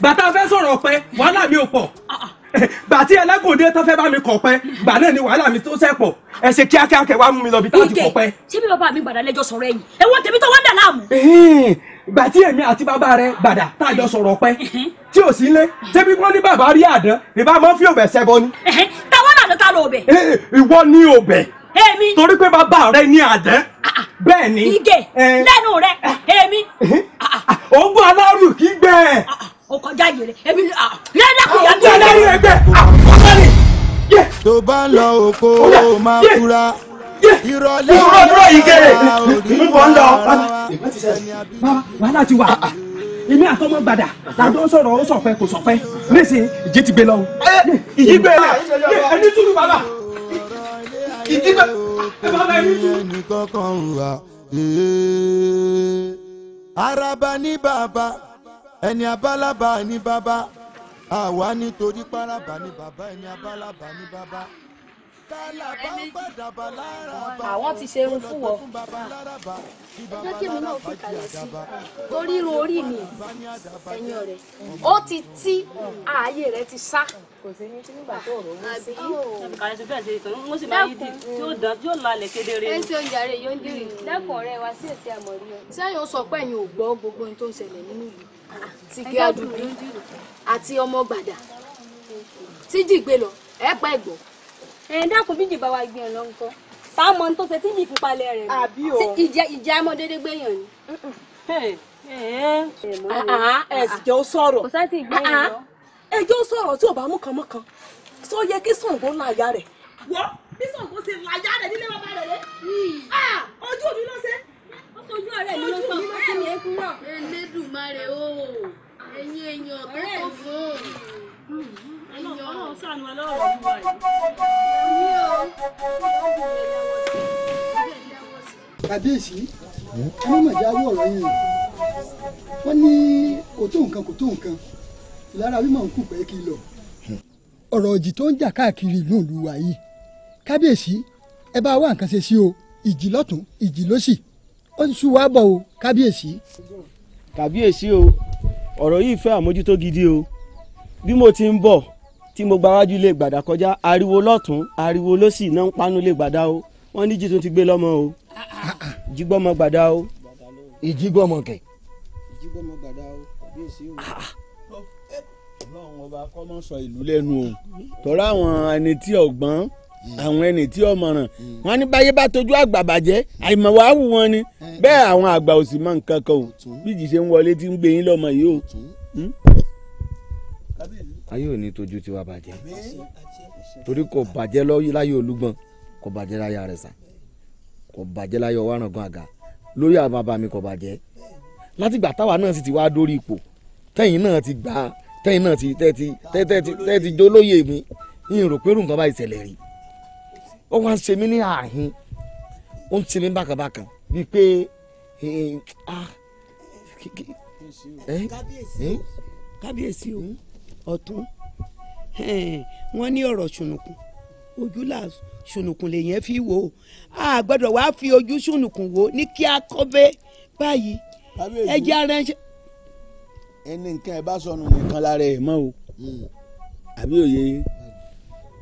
bàtà fẹ́ sọ̀rọ̀ pé wàhálà mi ò pọ̀ gbàtí ẹlẹ́gùndé tó fẹ́ bá mi kọ̀ pẹ́ gbà náà ni wàhálà mi tó sẹ́pọ̀ ẹ ṣe kíákíá kẹ wá mú mi lọ bí tá a ti kọ̀ pẹ́. ṣé bí bàbá mi gbàdá lẹ́jọ́ sọ̀rọ̀ ẹ̀yìn ẹ̀wọ́n tèmi tó wá dà láàmú. gbàtí èmi àti bàbá rẹ gbàdá tá a jọ sọ̀rọ̀ pẹ́ tí ò sí lé tẹ́bí wọ́n ní bàbá rí àdán ìbá máa ń fi òbẹ̀ ṣẹbọ ni. táwọn àdán ta ló bẹ̀. ìwọ ni òbẹ̀ èmi. torí pé bàbá rẹ ní àjẹ́. Ah, ah. bẹ́ẹ̀ ni. ìgè lẹ́nu rẹ ah. èmi. Eh, eh. ogún alárù kì í gbẹ. o kọjá yèrè èmi lẹ́dàkùn yà gbé. ogún alárù yẹ gbẹ. tó bá ń lọ oko oh, ó máa fura. ìrọ̀lẹ́ ìrọ̀lẹ́ ìgè mú bọ̀ ń lọ. wàhálà ti wà èmi àtọmọ gbàdà làdó sọ̀rọ̀ ó sọpẹ kò sọpẹ nísìnyí ìjì ti gbé lọ. Eh, ìjì gbé lọ ẹni túlù bàbá kìdí bá ẹ bá bá yín jù. ẹnìkan kan wà eh. araba ní bàbá ẹni abálábà ní bàbá àwa nítorí pálábà ní bàbá ẹni abálábà ní bàbá àwọn ti ṣe irun fún wọ ẹjẹ kèmí náà fi kalẹ̀ sí torí orí mi ẹ̀yìn ọ̀rẹ́ ó ti tí ààyè rẹ ti sá kò sí ní nígbà tó rò ó sí. kàlẹ́ sí bẹ́ẹ̀ ṣe ìtọ́jú mo sì máa yí di tí dán tí ó lalẹ̀ kedere. ẹ ń ṣe oúnjẹ rẹ yóò ń dìrì dákun ọ̀rẹ́ wa sí èsì àmọ̀rí ọ. sẹ́yìn ó sọ pé ẹ̀yin ò gbọ́ gbogbo ohun tó ń ṣẹlẹ̀ nínú ìlú ti gé àdùnní àti ọmọ gbàdà tí jìgbé lọ ẹ̀ pa ẹ̀gbọ́n ẹ dákun bí ìjìbá wa gbé ọ lọ nǹkan tá a mọ tó ṣe tí ìjì fún palẹ rẹ tí ìjà ìjà mọ déédéé gbẹyàn ni. Ah, ah. ẹ sì jẹ́ ó ẹ jẹ́ ó tí ò bá mú kan mọ́ yẹ kí Ṣàngó la aya rẹ̀. wọ bí Ṣàngó ṣe la aya rẹ̀ nílé bàbá rẹ̀ rẹ̀ hmm. ah, ojú mi ló ṣe. ojú ọ̀rẹ́ mi ló sọ ọ̀rẹ́ mi ẹkú náà. Elédùmarè o ẹ̀yin èèyàn tó kọ̀ fún ọlọ́run ṣàánú wa lọ́wọ́ ọ̀hún wa yìí. kàbíyèsí ẹ má màjá wọ ọ̀rọ̀ yìí wọ́n ní kò tó nǹkan kò tó nǹkan ìlara wímọ̀ ń kù pé kí lọ. ọ̀rọ̀ òjì tó ń jà káàkiri ìlú ìlú wa yìí kábíyèsí ẹ bá wá nǹkan ṣe sí o ìjì lọ́tún ìjì lọ́sì ó ń sú wa bọ̀ o kábíyèsí. kábíyèsí o ọ̀rọ̀ yìí fẹ́ àmójútó gidi o bí mo ti ń bọ̀ tí mo gba wájú ilé gbàdà kọjá ariwo lọ́tún ariwo lọ́sì náà ń panu ilé gbàdà o wọ́n ní jìtún ti gbé lọ́mọ o jígbọ́mọ gbàdà o. ìjígbọ́mọ kẹ. ìjígbọ́mọ gbàdà o kàbíyèsí o ah, ah. ọlọ́run ọba kọ́mọ ìlú lẹ́nu o tọ́ra àwọn ẹni tí ọ̀gbọ́n àwọn ẹni tí ọ̀mọ̀ràn wọn ní báyé bá tójú àgbà bàjẹ́ àìmọ̀ wàá wù wọn ni bẹ́ẹ̀ àwọn àgbà ò sì mọ nǹkan o bíjì ṣe ń wọlé tí ń gbé yín lọ́mọ yìí o. Hmm? kábíyèsí ayé ò ní tójú tiwa bàjẹ́ torí kò bàjẹ́ láyé olúgbọ́n kò bàjẹ́ láyé àrẹ̀sà kò bàjẹ́ láyé ọwọ́ àga lórí àwọn bàbá mi kò bàjẹ́ látìgbà táwa náà sì ti wá dórí ipò tẹ́yìn náà ti gbà tẹ́yìn náà ti tẹ́tí tẹ́tí tẹ́tí jólóyè mi ìyẹn rò pé irú nǹkan bá ìṣẹ̀lẹ̀ rí ó wá ń ṣe mí ní ààhín ó ń ṣe mí bákàbákan bíi pé ah, kábíyèsí o ọ̀tún wọ́n ní ọ̀rọ̀ ṣùnùkùn ojú là ṣùnùkùn lèyẹn fi wò ó a gbọ́dọ̀ wá fi ojú ṣùnùkùn wò ó ní kí a kọ́ bẹ́ báyìí ẹjẹ́ ara ẹ̀ ṣe. ẹni nǹkan ẹ bá sọnù nìkan lára ẹ mọ o hmm. àbí òye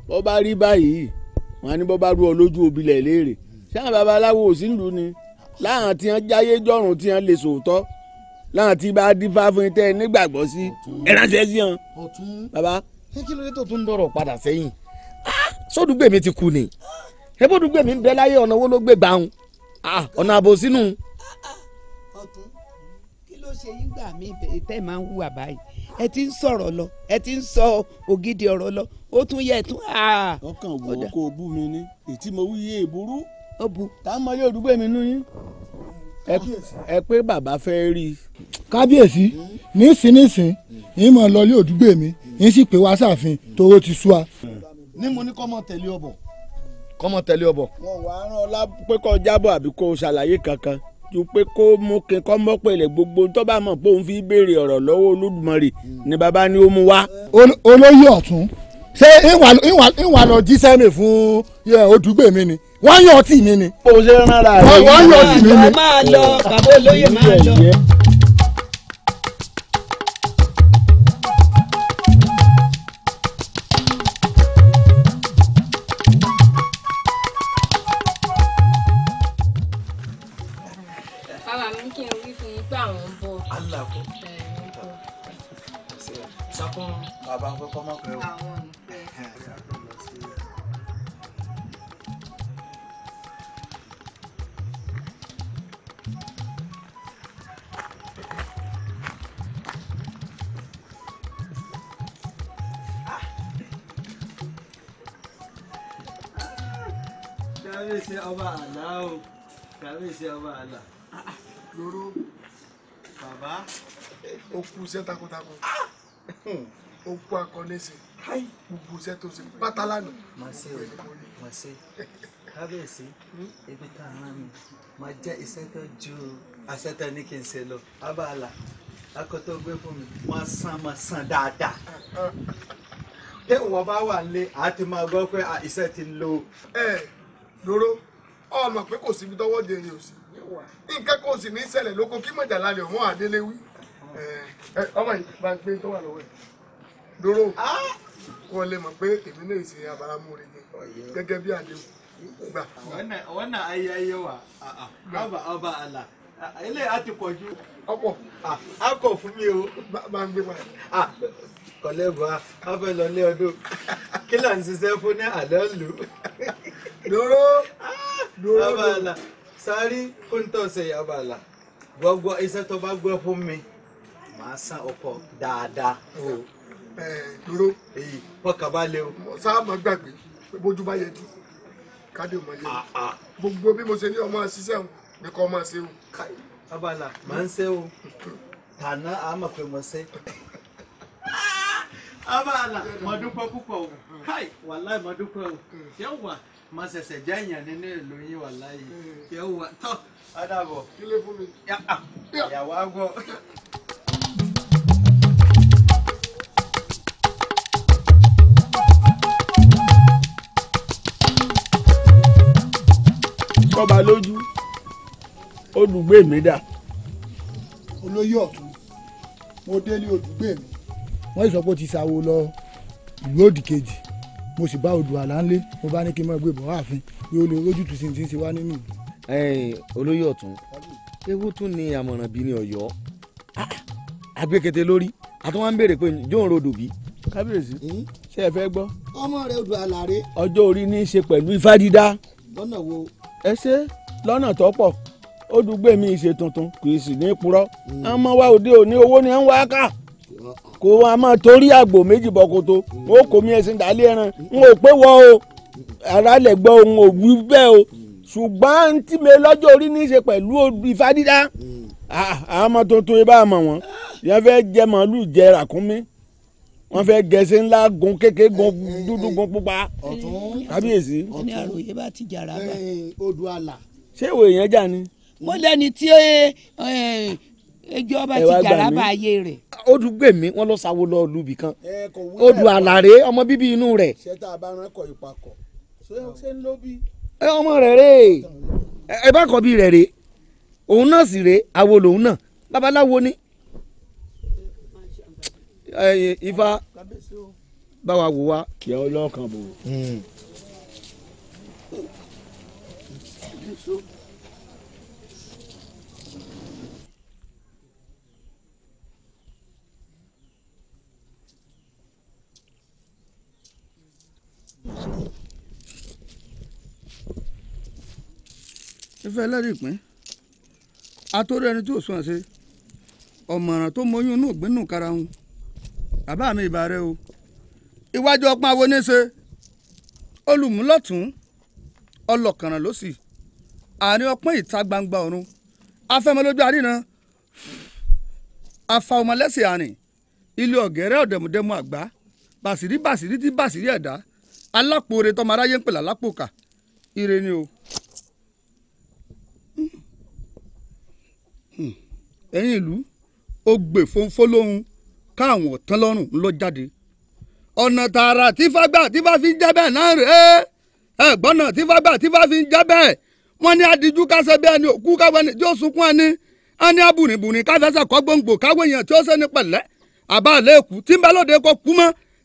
bó bá rí báyìí wọn á ní bó bá rú ọ lójú obìlẹ̀ léèrè sáà babaláwo ò sí ìlú ni láwọn tí wọn jáyé jọrùn tí wọn lè sòótọ́ láwọn tí bá dífá fún yín tẹ́ ẹ nígbàgbọ́ sí ẹ ránṣẹ́ sí hàn. bàbá ṣé kí ló dé tó tún dọ̀rọ̀ padà sẹ́yìn ah, sódùgbè mi ti kú ni ṣé mi ń bẹ láyé ọ̀nà wo ló gbé gbàùn ah, ọ̀nà àbò sínú. ọ̀tún kí ló ṣe yín gbà mí tẹ́ máa ń hùwà báyìí ẹ ti ń sọ̀rọ̀ lọ ẹ ti ń sọ ògidì ọ̀rọ̀ lọ ó tún yẹ tún. Ah. ọkàn wo kò bú mi ní ètí mo wí yé èbúrú. E ó bu. tá a mọ yóò dúgbò mi nú yín ẹ pé bàbá fẹ́ rí i. kábíyèsí nísinsìnyí ní mọ̀ lọlé òdúgbò mi ní sì pé wá sàfin tóró ti sú wa. ní mo ní kọ́mọ tẹ̀lé ọbọ̀ kọ́mọ tẹ̀lé ọbọ̀. wọn wàá rán ọlá pé kó jábọ̀ àbí kó ṣàlàyé kankan ju pé kó mú kí kọ́ mọ́ pẹ̀lẹ́ gbogbo tó bá mọ̀ pé òun fi béèrè ọ̀rọ̀ lọ́wọ́ olódùmarè ni bàbá ni ó mú wá. olóyè ọ̀tún ṣé ìwà lọ jísẹ́mi fún odùgbò mi ni wọ́n yàn ọtí mi ni. kò ṣe rán ra rẹ̀ wọ́n yàn ọtí mi ni. máa lọ bàbá olóyè máa lọ. Sakun, bàbá ń kọ́kọ́ mọ̀ o. ọba àlá o kàbíyèsí ọba àlá. lóró bàbá ó kú iṣẹ́ takuntakun ó kú akọ́nẹ́sì gbogbo iṣẹ́ tó ṣe pátá lánàá. mà á ṣe o mà á ṣe kábíyèsí hmm? ibi tá a rán mi mà á jẹ́ iṣẹ́ tó ju àṣetẹ ní kí n ṣe lọ ọba àlá akoto gbé fún mi wọ́n san máa san dáadáa téèwọ̀n bá wà lé àti máa gbọ́ pé iṣẹ́ ti lo. ẹ eh. lóró. ọmọ pé kò síbi tọ́wọ́ jẹ yẹn ò sí nǹkan kò sì ní ṣẹlẹ̀ lóko kí mọ̀jà lálẹ́ ọmọ àdéléwí ọmọ yìí bá ń gbé tó wà lọ́wọ́ ẹ̀ dúró kó lè mọ̀ pé èmi náà ṣe abaramúre gẹ́gẹ́ bí àdéhùn a kọlẹ́bù a fẹ́ lọ lé ọdún kí là ń ṣiṣẹ́ fún ní àlọ́ lù ú. dòró abala sáré kó ń tọ́ abala gbọ́gbọ́ iṣẹ́ tó bá gbọ́ fún mi màá san ọkọ̀ dáadáa. dòró pọkà bá lé o. sáà má gbàgbé bójú bá yẹ jù kádé ò mọ yẹ ah, ah. gbogbo bí mo ṣe ní ọmọ ṣiṣẹ́ o ní kò máa ṣe o. abala màá ń ṣe o tànà àmọ̀ pé mo ṣe abala mo dúpẹ́ púpọ̀ o kai wàláì mo dúpẹ́ o yóò wà máa ṣẹ̀ṣẹ̀ jẹ́ èèyàn nínú ìlú yín wàláì yóò wà tọ́ adàbọ̀ kílé fún mi ìyàwó ah, àgọ́. tọ́ba lójú olùgbé mi dà. olóyè ọ̀tún mo délé olùgbé mi wọ́n sọ pé ó ti sáwó lọ ìlú òdì kejì mo sì bá odò àlá ńlé mo bá ní kí n máa gbé bọ̀ wáàfin bí ó lè rójútùú sí ti ń ṣe wá nínú ìlú. olóyè ọ̀tún ewu tún ni àmọ̀ràn bíi ní ọ̀yọ́ àgbékété ah, lórí àtúwọ́n ń béèrè pé jóun rodò bí. kábíyèsí ṣé ẹ fẹ́ gbọ́. ọmọ rẹ odò àlàré. ọjọ́ orí ní í ṣe pẹ̀lú ifá dídá. lọ́nà wo. ẹ ṣe lọ́nà tó pọ̀ ó dùgbẹ́ mi ṣe tuntun kì í sì ní í purọ́. àmọ́ hmm. wa òde òní owó ni ẹ ń wá ká kò wọn a máa torí àgbò méjì bọ koto wọn ò mi ẹsìn dálé ẹran n ò pé wọ o ara lẹ gbọ́ òun ò wí bẹ́ẹ̀ o ṣùgbọ́n tí mi lọ́jọ́ orí ní í ṣe pẹ̀lú ìfádídá ah, àwọn ọmọ tuntun yìí bá mọ̀ wọ́n yẹn fẹ́ jẹ màálù jẹ ràkúnmí wọ́n fẹ́ gẹ̀ẹ́sẹ̀ ńlá gun kéke gun dúdú gun pupa kábíyèsí. ní àròyé bá ti jàrá bá. ṣé ìwé yẹn jà ni. mo lẹ́ni tí ẹjọ́ bá ti jàrá bá ayé rẹ̀. ó dùn gbèmí wọn lọ sáwó lọ lùbì kan ó dùn àlàré ọmọ bíbí inú rẹ̀. ṣẹta abaran kọ ìpakọ ṣé ń ló bí. ẹ ọmọ rẹ̀ rè ẹ bá kọ bí rẹ̀ rè òun náà sì rè awo lòun náà babaláwo ni. ifá báwa wò wá. kí ọ lọ́kàn bò. Hmm. ife ẹlẹ́rìí pín atorí ẹni tí ò sùn ṣe ọ̀mọ̀ràn tó mọyún inú ìgbínú karahun bàbá mi ìbà rẹ o iwájú ọpọ́n awo ní ṣe olùmúlọ́tún ọlọ́kànràn ló sì àárín ọpọ́n ìta gbangba ọ̀run afẹ́mọlójú àríran afa ọmọlẹ́sìn àárín ilé ọ̀gẹ́rẹ́ ọ̀dẹ̀mọdẹ́mọ àgbá bàṣírí bàṣírí tí bàṣírí ẹ̀dá alápò ore tọmọ aráyé ń pè lálápò kà ire ni o. ẹ̀yin ìlú ó gbè fónfó lóhun káwọn ọ̀tán lọ́rùn ńlọ jáde ọ̀nà tààrà tífágbà tífá fi ń jẹ́ bẹ́ẹ̀ náà rèé ẹ̀gbọ́n náà tífágbà tífá fi ń jẹ́ bẹ́ẹ̀ wọ́n ní adiju kásẹ̀ bẹ́ẹ̀ ni òkú káwé ni tí ó sunkún ẹni ẹni abùnìbùnì káfẹsẹ̀ kọ́ gbòǹgbò káwé yẹn tí ó sẹ́ni pẹ̀lẹ́ àbá àlẹ́ èkú tí ń bẹ lóde kó kú mọ́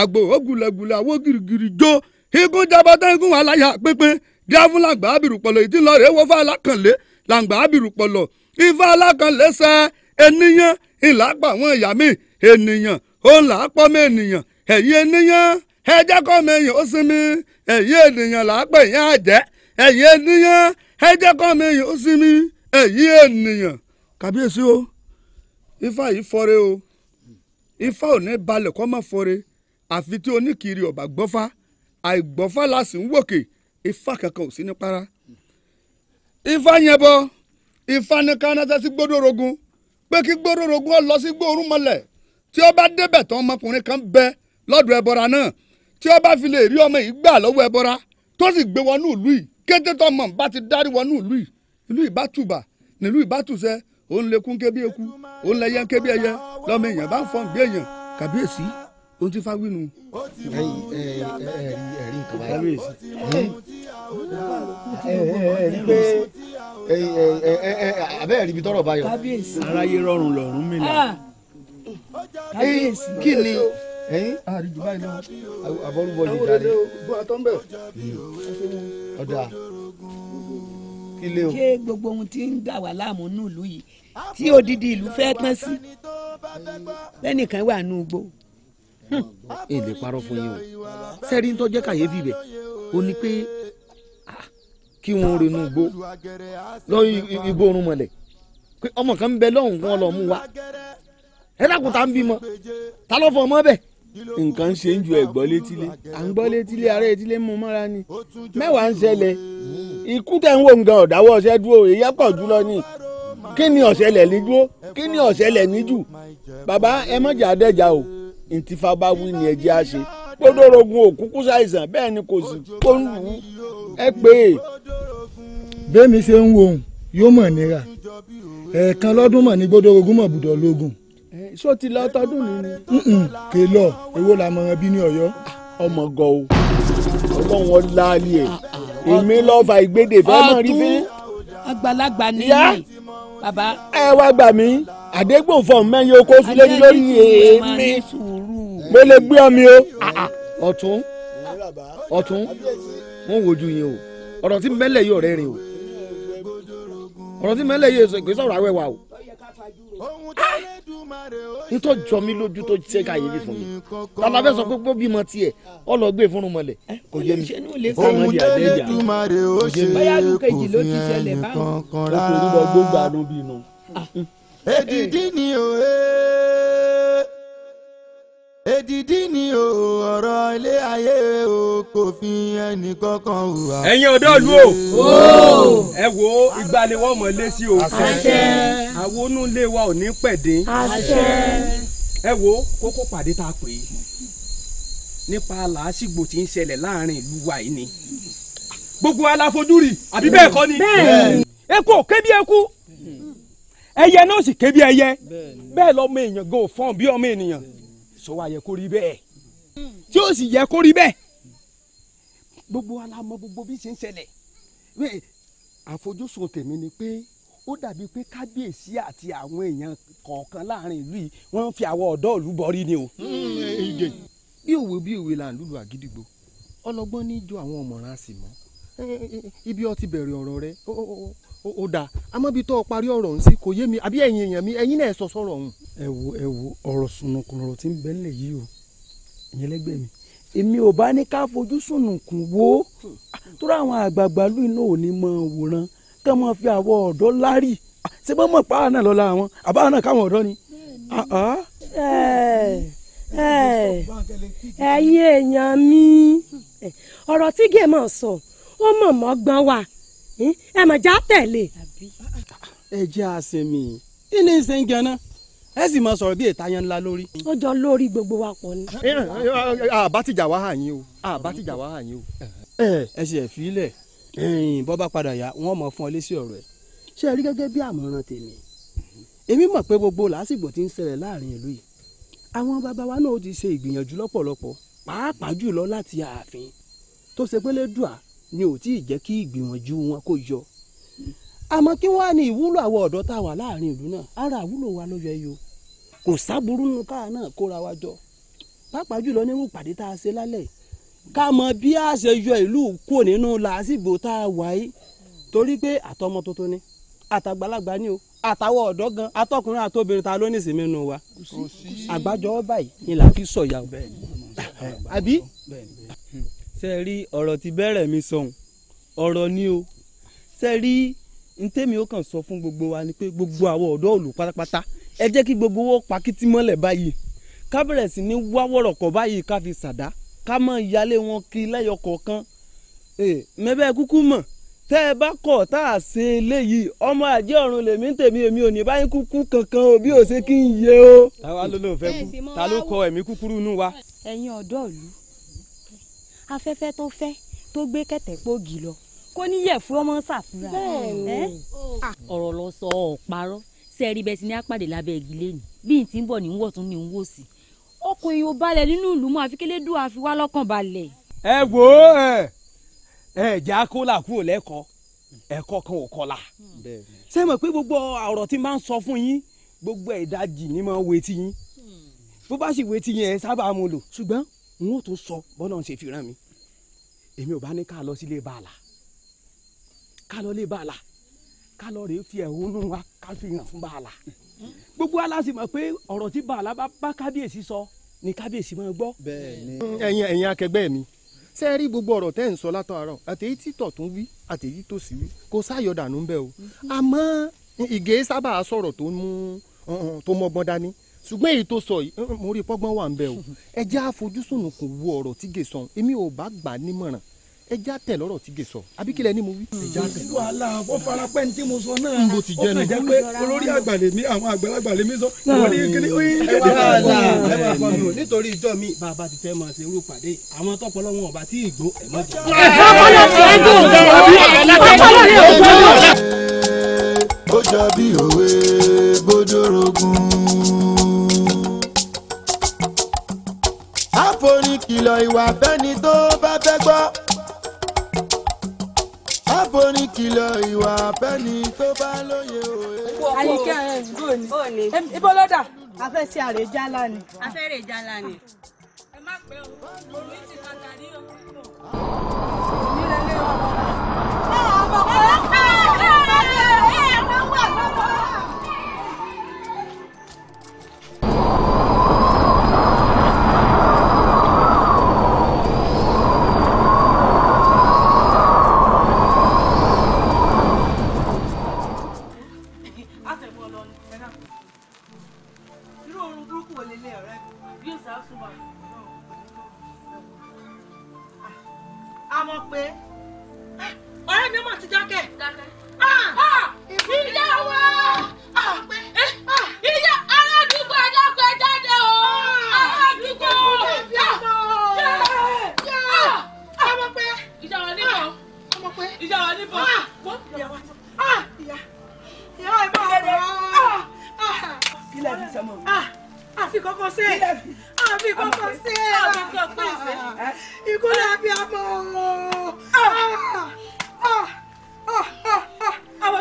àgbò ogulegule àwọ̀ girigiri jó igun jabata igun wà láyà pínpín fún làǹgbà abirùpọ̀lọ̀ ìdílọ rẹ̀ wọ́fà alákànlé làǹgbà abirùpọ̀lọ̀ ifá alákànlé sẹ ènìyàn ìlàpọ̀ àwọn ìyá mi ènìyàn pọ́ ènìyàn ènìyàn ẹ jẹ́ kọ́ mi ó sinmi ẹ̀yin ènìyàn là á àjẹ́ ènìyàn ẹ jẹ́ kọ́ mi èèyàn ó sinmi ẹ̀yin ènìyàn kàbíyèsí o ifá yìí fọre o ifá ò balẹ̀ kọ́ àfi tí oníkiri ọ̀bà gbọ́fá àìgbọ́fá la sì ń wòkè ifá kankan ò sí ní para. ifá yẹn bọ ifá ní kánáṣẹ́ sí gbódòrógún pé kí gbódòrógún ọ lọ sí gbóòórùn mọ́lẹ̀ tí ó bá débẹ̀ tán ọmọkùnrin kan bẹ lọ́dọ̀ ẹbọra náà tí ó bá fi lè rí ọmọ yìí gbà lọ́wọ́ ẹbọra tó sì gbé wọnú ìlú yìí kété tó mọ̀ bá ti dárí wọnú ìlú yìí ìlú ìbátùbà nílùú ìbátùsẹ òun lè kébí eku òun lè kébí ẹyẹ lọ́mọ èèyàn bá ń fọ́n gbé èèyàn kàbíyèsí o ti fa winu. ẹ̀yin ẹ̀rí nǹkan báyìí ẹ̀rí pé abẹ́ ẹ̀rí ibi tọ́rọ̀ báyọ̀. aráyé rọrùn lọ́rùn mi la. kí ni ẹ̀yin àríjù báyìí lọ àbọ̀rúbọ̀ yìí jáde. ọ̀dà kí lé o. ṣé gbogbo ohun tí ń dà wá láàmú nílùú yìí tí odidi ìlú fẹ́ tán sí lẹ́nìkan wà ní ugbó èlé parọ́ fún yín o sẹ́rí ń tọ́jẹ́ kàyéfì bẹ̀ ó ní pé kí wọ́n rinú gbó lọ́yìn igbó orun mọ̀lẹ̀ pé ọmọ kan ń bẹ lọ́hùn kan lọ́ọ́ mú wa ẹ dákun tá ń bímọ ta ló fọ ọmọ bẹ́ẹ̀ nǹkan ń ṣe ń ju ẹ̀gbọ́ létílé à ń gbọ́ létílé ara etílé mú mọ́ra ni mẹ́wàá ń ṣẹlẹ̀ ikú tẹ̀ ń wò nǹkan ọ̀dáwọ́ ọ̀ṣẹ́ dúró èyí pọ̀ jùlọ ni kí ni ọ̀ṣẹlẹ̀ ní dúró kí ni ọ̀ṣẹlẹ̀ ní jù bàbá ẹ mọ̀jà dẹ́jà o ntífá bá wí ni ẹ̀jẹ̀ á ṣe gbódòrógun òkúkú ṣàìsàn bẹ́ẹ̀ ni kò sí kó ń lù ú ẹ pé. bẹ́ẹ̀mi ṣe ń wo òun yóò mọ̀ nira ẹ̀ẹ̀kan lọ́dún mọ̀ ní gbódòrógun mọ̀ bùdọ̀ lógún. ṣó ti lọ tọdún ni. kè lọ èwo la mọ̀ràn bí ní ọ̀yọ́. ọmọ gọ o ọlọ́run ọlá alẹ́ ẹ̀ èmi lọ́ọ́ fa ìgbédè fẹ́ mọ̀ rí fẹ́. àgbàlagbà ni bàbá. ẹ wá gbà mí àdégbòfọ̀ mẹ́yìn okòó sílẹ̀ lórí èémí mo gbé ọmi o. Ah, ah. ọ̀tún ọ̀tún wọn wojú yín o ọ̀rọ̀ tí mẹ́lẹ̀ yìí ọ̀rẹ́ rìn o ọ̀rọ̀ tí mẹ́lẹ̀ yìí èso ìgbésọ̀rọ̀ awẹ́wà o. nítọ́ jọ lójú tó ṣe káyéfì fún mi tàbá fẹ́ sọ pé pé bímọ tiẹ̀ ọlọ́gbé fún mọ́lẹ̀ kò yé mi. ohun tó lè ó ṣe kò fi ẹnì kankan rárá. ó ti rúbọ gbógbà lóbi inú. Ah. èdìdí ni òye èdìdí ni o ọ̀rọ̀ ilé ayé o kò fi ẹnì kankan hùwà. ẹ̀yin ọ̀dọ́ ìlú o ẹ wo ìgbàlẹ̀ wọn mọ̀ o àwọn onúlé wa ò ní pẹ̀dín ẹ wo kókó pàdé tá a pè é nípa làásìgbò tí ń ṣẹlẹ̀ láàrin ìlú wa yìí ni gbogbo aláfojúrì àbí bẹ́ẹ̀ kọ́ ni. eku ò kébi eku ẹyẹ náà sì kébi ẹyẹ bẹ́ẹ̀ lọ́mọ èèyàn gan ò fọ́n bí ọmọ ènìyàn sọ wa yẹ kó rí bẹ́ẹ̀ tí ó sì yẹ kó rí bẹ́ẹ̀ gbogbo wa la mọ gbogbo bí ṣe ń ṣẹlẹ̀ àfojúsùn tèmi ni pé ó dàbí pé kábíyèsí àti àwọn èèyàn kọ̀ọ̀kan láàrin ìlú yìí wọ́n fi àwọn ọ̀dọ́ ìlú bọrí ni o. bí òwe bí òwe là ń lùlù àgídìgbò ọlọ́gbọ́n ní í jó àwọn ọmọràn a sì mọ̀ ibi ó ti bẹ̀rẹ̀ ọ̀rọ̀ rẹ̀ ó dáa àmọ́ ibi tó o parí ọ̀rọ̀ ń sí kò yé mi àbí ẹ̀yin èèyàn mi ẹ̀yin náà sọ sọ̀rọ̀ ọ̀hún. ẹ wo ẹ wo ọ̀rọ̀ sùnùkùn ọ̀rọ̀ tí ń bẹ nílẹ̀ yìí o ìyẹn lẹ́gbẹ̀ẹ́ mi èmi ò bá ní ká fojú sùnùkùn wo tóra àwọn àgbààgbà lù iná ò ní mọ wòran kán mọ fi àwọ ọ̀dọ́ lárì ṣé bọ́n mọ̀ pa àná lọ́la àwọn àbá àná káwọn ọ̀dọ́ ni. Ah, ah. ẹ̀yin èèyàn mi ọ̀rọ̀ tí gèmọ̀ sọ ó mọ̀ mọ́ gbọ́n wa Eh, ẹ mọ̀ já tẹ̀lé. ẹ jẹ́ àṣemì kí ni ṣe ń ganan ẹ sì máa sọ̀rọ̀ bí ètayẹ ńlá lórí. ó jọ lórí gbogbo wa pọ̀ ni. àbá eh, eh, tìjà wá hàn yín o àbá tìjà wá hàn yín o. ẹ ẹ sì ẹ fi ilẹ̀ bọ́ bá padà yá wọ́n mọ̀ fún ọ lésì ọ̀rọ̀ ẹ̀ ṣé ẹ rí gẹ́gẹ́ bí àmọ̀ràn tèmi èmi mọ̀ pé gbogbo làásìgbò tí ń ṣẹlẹ̀ láàrin ìlú yìí àwọn bàbá wa náà ti ṣe ìgbìyànjú lọ́pọ̀lọpọ̀ pàápàá jùlọ láti ààfin tó ṣe pélédùà ni ò tí ì jẹ́ kí ìgbìmọ̀jú wọn kó yọ àmọ́ kí wọ́n á ní ìwúlò àwọn ọ̀dọ́ tá a wà láàrin ìlú náà ara àwúlò wa ló yẹ yo kò sábúrú nínú káà náà kóra wa jọ pàápàá jùlọ nínú ìpàdé tá a ṣe lálẹ́ ká mọ bí a ṣe yọ ìlú kúrò nínú làásìgbò tá a wà yìí torí pé àtọmọ tuntun ni àtàgbàlagbà ni o àtàwọn ọ̀dọ́ gan atọkùnrin àtobìnrin ta ló ní ìsinmi nù wa àgbájọ báyìí ni làá fi sọ̀yà o àbí ṣe rí ọ̀rọ̀ tí bẹ̀rẹ̀ mi sọ̀hún ọ̀rọ̀ ni o ṣe rí ntẹ́mi ó kàn sọ fún gbogbo wa ni pé gbogbo àwọn ọ̀dọ́ òòlù pátápátá ẹ jẹ́ kí gbogbo owó pakítí mọ́lẹ̀ báyìí ká bẹ̀rẹ̀ sí ní wá wọ̀rọ̀kọ̀ báyìí ká fi ṣàdá ká mọ̀ ìyálé wọn kiri lẹ́yọ kọ̀ọ̀kan mẹ́bẹ́ kúkú mọ̀ tẹ́ ẹ bá kọ̀ tá a ṣe eléyìí ọmọ àjẹ́ ọ̀run lèmi ń tèmi èmi ò ní báyìí kúkú kankan òbí ò ṣe kí n yé o. táwa ló lóun fẹ́ kú ta ló kọ ẹ̀mí kúkúrú nù wa. ẹ̀yin ọ̀dọ́ ìlú afẹ́fẹ́ tó fẹ́ tó gbé kẹ̀tẹ̀ pògì lọ kó ní yẹ̀ fún ọmọ ṣàfihàn. bẹ́ẹ̀ni ah. ọ̀rọ̀ lọ sọ ọ̀parọ́ sí ẹ̀rí bẹ́ẹ̀ sì ní àpàdé lábẹ́ igi lẹ́nu bí n ti ń bọ̀ ní wọ̀ tún ní n wò sí. ọkàn èèyàn balẹ̀ nínú ìlú mọ́ àfi kélédù àfi wá lọ́kàn balẹ̀. ẹ wo ẹ ẹ jà kó là kúrò lẹ́kọ̀ọ́ ẹ̀kọ́ kan ò kọ́ la. ṣé mọ̀ pé gbogbo ọ̀rọ̀ tí máa ń sọ fún yín gbogbo ẹ̀dájì ni máa ń wetí yín hmm. bó bá sì wetí yín ẹ sábà mú lò ṣùgbọ́n n ó tún sọ bọ́lá ń ṣe fi rán mi èmi ò bá ní ká lọ sílé bàálà ká lọ lé bàálà ká lọ rèé fi ẹ̀hónú wa ká fi hàn fún bàálà gbogbo aláṣẹ mọ̀ pé ọ̀rọ̀ tí bàálà bá bá kábíyèsí sọ ni kábíyèsí máa gbọ́. ẹ̀yin ẹ̀yin akẹgbẹ́ mi ṣé ẹ rí gbogbo ọ̀rọ̀ tẹ́ ń sọ látọ̀ọ̀rọ̀ àtẹ̀yí tí tọ̀tún wí àtẹ̀yí tó sì wí kò sáyọ̀dànù ń bẹ o àmọ́ ìgè sábà sọ̀rọ̀ tó mú tó mọ́gbọ́n dání ṣùgbọ́n èyí tó sọ yìí mo rí pọ́gbọ́n wà ń bẹ o ẹ jẹ́ àfojúsùn kò wo ọ̀rọ̀ tí gè sọ̀hún èmi ò bá gbà nímọ̀ràn ẹ já tẹ lọ́rọ̀ tí gè sọ àbí kílẹ ni mo wí. ìlú àlà ó fara pẹ́ ní tí mo sọ náà ó kàn jẹ́ pé olórí àgbàlè mi àwọn àgbàlagbà lè mi sọ wọ́n ní kíní ó yín lédè náà. nítorí ìjọ mi bàbá ti fẹ́ máa ṣe irú pàdé àwọn tọpọlọ wọn ọba tí ìgbó ẹ̀ mọ́ ẹ dùn ọpọlọ ni òjò bí òwe bójú orogun. àforin kìlọ̀ ìwà fẹ́ni tó bá fẹ́ gbọ́. àforin kìlọ̀ ìwà fẹ́ni tó bá lóye òye. àyíkẹ́ ẹ̀ ń gbò ibo ló dà. a fẹ́ ṣe àrè jálá ni. a fẹ́ rè jálá ni. ẹ má pẹ́ o orí ti kàkà ní òkúrò. nílẹ̀ a mọ̀ pé ọ̀rẹ́ mi mà ti dákẹ́. ìyá wa ìyá ará àdúgbò ẹ̀dọ́gbẹ̀ jáde o ará àdúgbò ọmọ pé ìjà wa níbọ̀ ọmọ pé ìjà wa níbọ̀ ìyá wa ti ìyá ìyá wa ìbọn ọ̀rọ̀ kí lè fi sọmọ. àfi kọ́kọ́ sí fi kọ́kọ́ sí ẹ̀ ọ́ fi kọ́kọ́ sí ẹ̀ ikú làbí àmọ́ ọmọ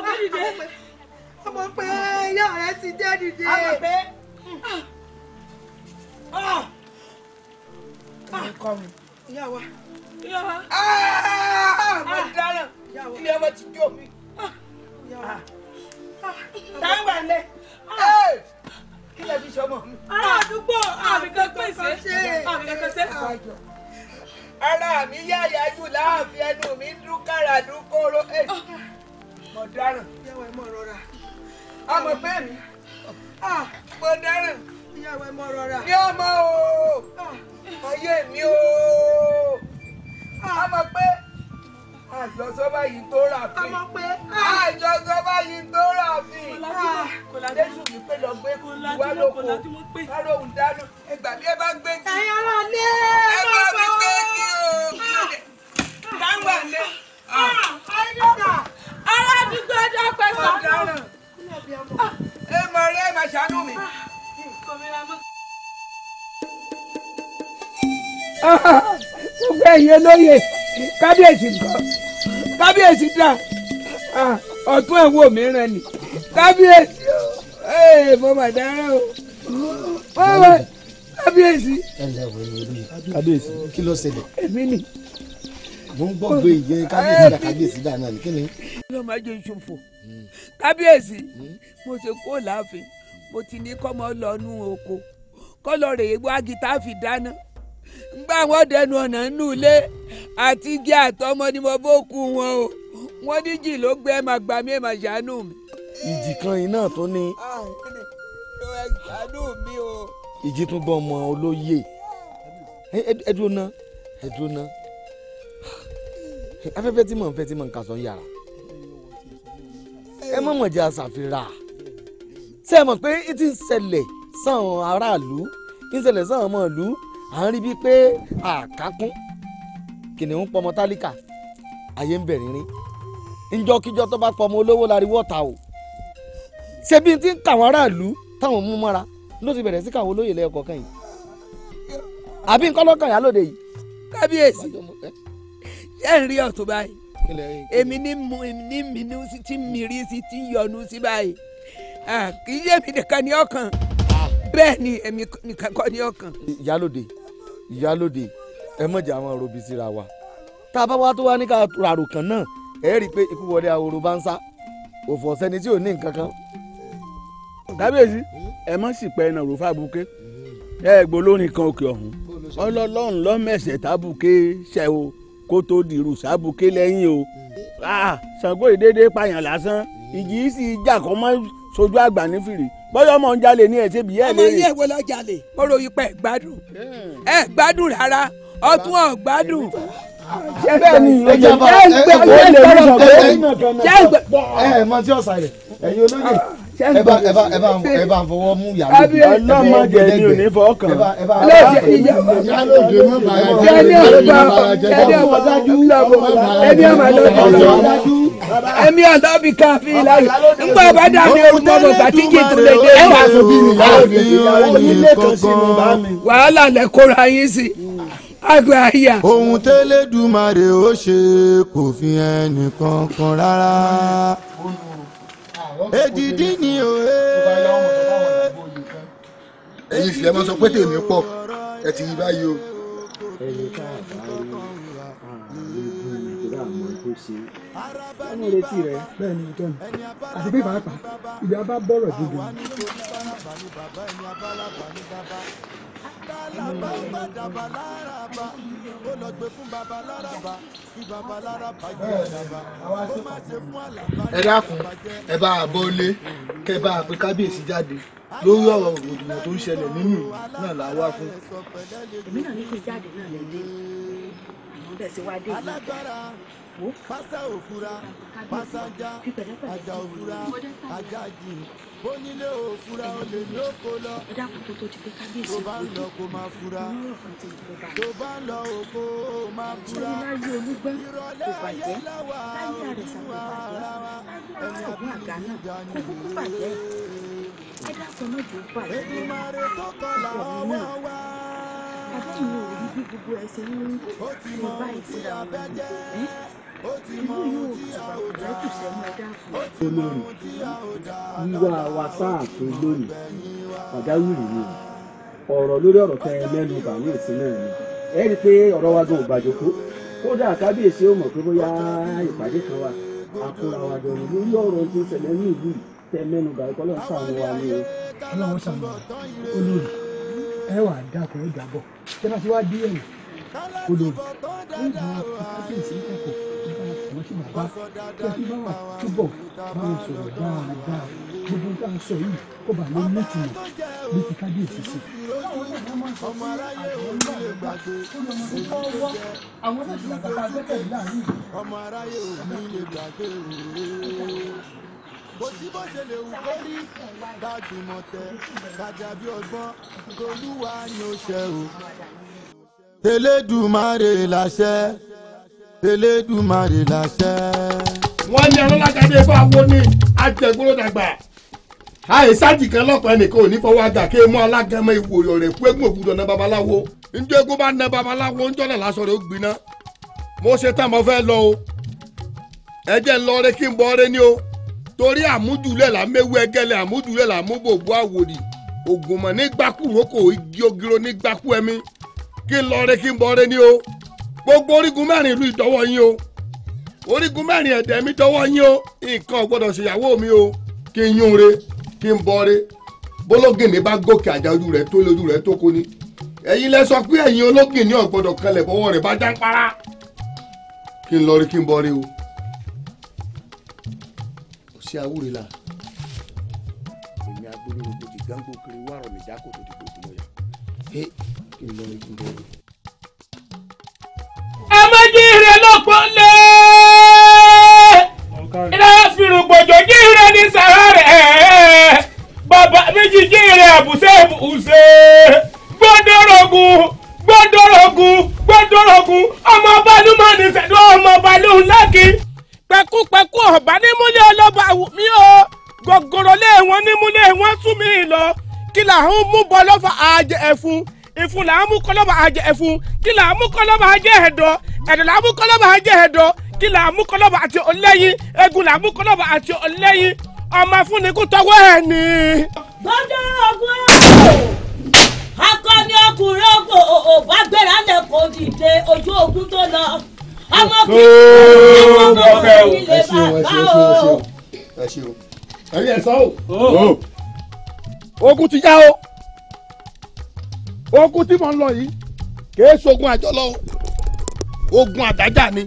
tó dìde ọmọ pé ìyá rẹ ti jẹ́ dìde. èmi ah. ah. ah. kọ́ mi. ìyá wa. ìyá wa. mo dáná ilé ọmọ ti jó mi. táwọn wà lẹ kí lè fi ṣọmọ mi. ará àdúgbò àmì kan pèsè àmì kankan ṣe. ara mi yáyà yù láàfin ẹnu mi dún kàràdú kóró ẹ mọ dáràn yàwó ẹ mọ rọra ọmọ pẹ mi ah. Ah, mo dáràn yàwó ẹ mọ rọra ní ọmọ o ọyẹ ah. mi o ọmọ pẹ àjọsọ báyìí tó rà fún àjọsọ báyìí tó rà fún lẹ́sùn mi pé lọ gbé ìwà lóko káró òun dánú ẹgbà bí ẹ bá gbé kí ẹ bá mi gbé kí o dáńgbà lé. Ah. Ah. Ah. ara àdúgbò ẹjọ́ pẹ̀ sọ́nù. ẹ mọ̀ rẹ́ ẹ máa ṣàánú mi. Ah! gbogbo ẹ̀yin olóyè kábíyèsí gbọ́ kábíyèsí dà ọ̀tún ẹ̀ wò mí rẹ̀ nì kábíyèsí o mo mà dára o kábíyèsí. kábíyèsí kí ló ṣẹlẹ̀. èmi ni. mo ń gbọ́ gbé ìyẹn kábíyèsí dà kábíyèsí dà náà ní kí ni. kí ló máa jẹ ìṣòfò kábíyèsí hmm. mo ṣe kó láàfin mo ti ní kọ́mọ lọ́nú oko kọ́ lọ́ọ́ rèé wá gita fi dáná ngbà wọ́n dẹnu ọ̀nà nínú ilé àti igi àtọmọ ni mo bó kú wọn o wọ́n ní jì ló gbé ẹ̀ gbà mí ẹ̀ ṣàánú mi. ìjì kan yìí náà tó ní. Ah, ìjì tún bọ́ ọmọ olóyè ẹdúró ná ẹdúró ná afẹ́fẹ́ tí mò ń fẹ́ tí mò ń kà sọ yàrá ẹ mọ̀ mọ̀jẹ̀ àṣàfihàn ṣé ẹ mọ̀ pé ti ń ṣẹlẹ̀ sáwọn aráàlú ń ṣẹlẹ̀ sáwọn ọmọ ìlú à ń rí bíi pé àkákún kìnìún pọmọ tálíkà ayé ń bẹ̀rẹ̀ rí njọ́kíjọ́ tó bá pọmọ olówó la rí wọ́ta o ṣebí ti ń kàwọn aráàlú táwọn mú mọ́ra ló ti bẹ̀rẹ̀ sí kàwọn olóyè lẹ́ẹ̀kọ́ kan yìí àbí nǹkan lọ́kàn yà lóde yìí. kábíyèsí ẹ ń rí ọ̀tún báyìí èmi ní mu ní mímú sí ti mírí sí ti yọnu sí báyìí kì í yé mi nìkan ní ọkàn ah. bẹ́ẹ̀ ni èmi nìkan kọ́ ní ọkàn. ìyálòde ìyálòde ẹ mọ̀jà àwọn òròbí síra wa tá a bá wá tó wá ní ká ràrò kan náà ẹ rí i pé ikú wọlé ahoro bá ń sá òfò ọ̀sẹ́ni tí ò ní nǹkan kan. kábíyèsí ẹ má sì pẹ́ ẹnà òrùfà buké ẹ gbọ́ lórin kan òkè ọ̀hún ọlọ́lọ́run lọ́mẹ̀sẹ̀ tábùké ṣẹ́ o kó tó dìrù sábùké lẹ́yìn o ah, Ṣàngó ìdédé pààyàn lásán ìjì sì jà kọ́ mọ́ sojú àgbà nífìrì bọ́yọ̀ ọmọ ń jalè ní ẹ̀sẹ̀ bìí ẹ̀ lè. ọmọ yẹ wo lọ jalè mo rò yípa gbádùn ẹ̀ gbádùn rárá ọtún ọ̀ gbádùn. ṣé bẹ́ẹ̀ ni ìyẹn jẹ́ ìgbẹ́ lè rí sọ̀gbẹ́. ẹ̀ mọ tí ọ̀sà rẹ̀ ẹ̀yin olóyè ẹ bá ẹ bá ẹ bá ẹ bá fọwọ́ mú yàrá òde ọlọ́mọ jẹ ní òní fọkàn ẹni ọba ẹni ọba ọdájú ẹni ọba ọdájú ẹni ọlọ́bì káfí láyé ńgbà bá dà ní orúkọ mọ̀ tàbí kí ìdílé dé wà. wàhálà lẹ kóra yín sí àgbà àyà. ohun tẹ́lẹ̀ dùmarè ó ṣe kò fi ẹnì kankan rárá èdìdí ni o ee. ẹ̀yin sì máa sọ pé tèmi pọ̀ ẹ ti yí báyìí o. ẹni tá a bá rí ààrùn ni àti pé pàápàá ìyá bọ̀rọ̀ dídùn alaba ó bá dàbà láraba ó lọ gbé fún baba láraba kí baba láraba jẹ àdàbà ó má ṣe fún alaba. ẹ dákun ẹ bá a bọ́ lé kẹ bá a pe kábíyèsí jáde lórí ọ̀rọ̀ rògbòdìyàn tó ń ṣẹlẹ̀ nínú ìlú náà là á wá fún. èmi náà ní kí jáde náà lè dé àmọ́ bẹ́ẹ̀ pásá òfura pásájà àjà òfura àjà jì bónílé òfura olè lóko lọ tó bá ń lọ kó máa fura tó bá ń lọ òkó máa fura ìrọ̀lẹ́ ayé láwa òdìwà ara wa ẹni àbíyí ìjà ni ìwé èdèmàrè tó kọlà ọwọ́ wa ó ti mọ ohun tí abẹ́jẹ́. ilu yóò bàbá kọ̀láàtù sẹ́mu ọ̀dà fún un. olórí wíwá wa sáàtún pàjáwìrì ni ọ̀rọ̀ lórí ọ̀rọ̀ tẹ mẹ́nu bàmí ìsìn náà ni ẹ rí i pé ọ̀rọ̀ wa gan kódà kábíyèsí ó mọ̀ pé bóyá ìpàdé kan wà lórí ọ̀rọ̀ tó ṣẹlẹ̀ ní ìlú tẹ mẹ́nu o. ọlọ́run sàánú olórí ẹ wà dákọ̀ ẹ dàbọ̀ tẹ́lá tí olórí kí bàbá kí ẹ bá wà túbọ̀ bá wọn sọ̀rọ̀ dáadáa gbogbo tá a sọ yìí kó bàa lè ní ìtumọ̀ bí ti kábíyèsí sí. ọmọ aráyé òun lè gbàgbé òun àwọn aráyé òun lè gbàgbé òun sí bó ṣe lè wù kó rí gbajúmọ̀ tẹ kájà bí ọgbọ́n tolúwa ni ó ṣe o. Elédùmarè làṣẹ. Elédùmarè láṣẹ. wọ́n ní ọlọ́lágadé bá wo ni ajẹgbóró dàgbà àìsájì kan lọ́pàá nìkan ò ní fọwọ́ àgà kí emu alágẹmọ ìwòyọ̀ rẹ̀ kú egun ògùdọ̀ na babaláwo njẹ́ egun bá na babaláwo ń jọ́nà lásán rẹ̀ ó gbiná mo ṣe tán mo fẹ́ lọ o ẹjẹ́ ń lọ rẹ kí n rẹ o torí àmújulẹ̀ là méwu ẹgẹlẹ̀ àmújulẹ̀ là mú bòbú àwòdì ògùnmọ̀ nígbàkú gbogbo orígun mẹ́rin ìlú ìdọ́wọ́ yín o orígun mẹ́rin ẹ̀dẹ̀ mi dọ́wọ́ yín o nǹkan ò gbọ́dọ̀ ṣèyàwó mi o kí n yún re kí n bọ́ re bólógìnní bá gòkè àjà ojú rẹ̀ tó lójú rẹ̀ tó kó ni ẹ̀yin lẹ pé ẹ̀yin ológìnní ò gbọ́dọ̀ kanlẹ̀ bọ́wọ́ rẹ̀ bá dáńpárá kí n lọ rí kí n bọ́ re o kò sí àwúre la èmi agbóni rògbòdì gángó kiri wàrọ̀ mi dákò tó di gbogbo mọ́ yà kí n lọ rí kí n bọ́ re. ẹ méjì rẹ lọ́pọ̀ lé ìdáyà fìrùn gbòjò jí rẹ ní sàrà rẹ bàbá méjì jí rẹ àbùsẹ̀ ìbùsẹ̀ gbọ́dọ̀rọ̀gùn gbọ́dọ̀rọ̀gùn ọmọ balùwẹ̀ ní ọmọ lákì. ní ìfun là ń mú kọlọ́bà àjẹ ẹ̀fun kí là ń mú kọlọ́bà àjẹ ẹ̀dọ̀ ẹ̀dọ̀ là ń mú kọlọ́bà àjẹ ẹ̀dọ̀ kí là ń mú kọlọ́bà àti ọlẹ́yin egun là ń mú kọlọ́bà àti ọlẹ́yin ọmọ fúnni kú tọwọ́ ẹ̀ ni. gbọ́dọ̀ ọgbọ́n akọni ọkùnrin ògbò òbá gbéra lẹ kó dìde ojú ogun tó lọ ọmọ kìí ọmọ ọmọ ilé bàbá o. ẹ̀rí ẹ̀ sọ́ o. Oh. Oh. ogun ti já o ogun tí mo ń lọ yìí kìí ṣogun àjọlọ ogun àdájà ni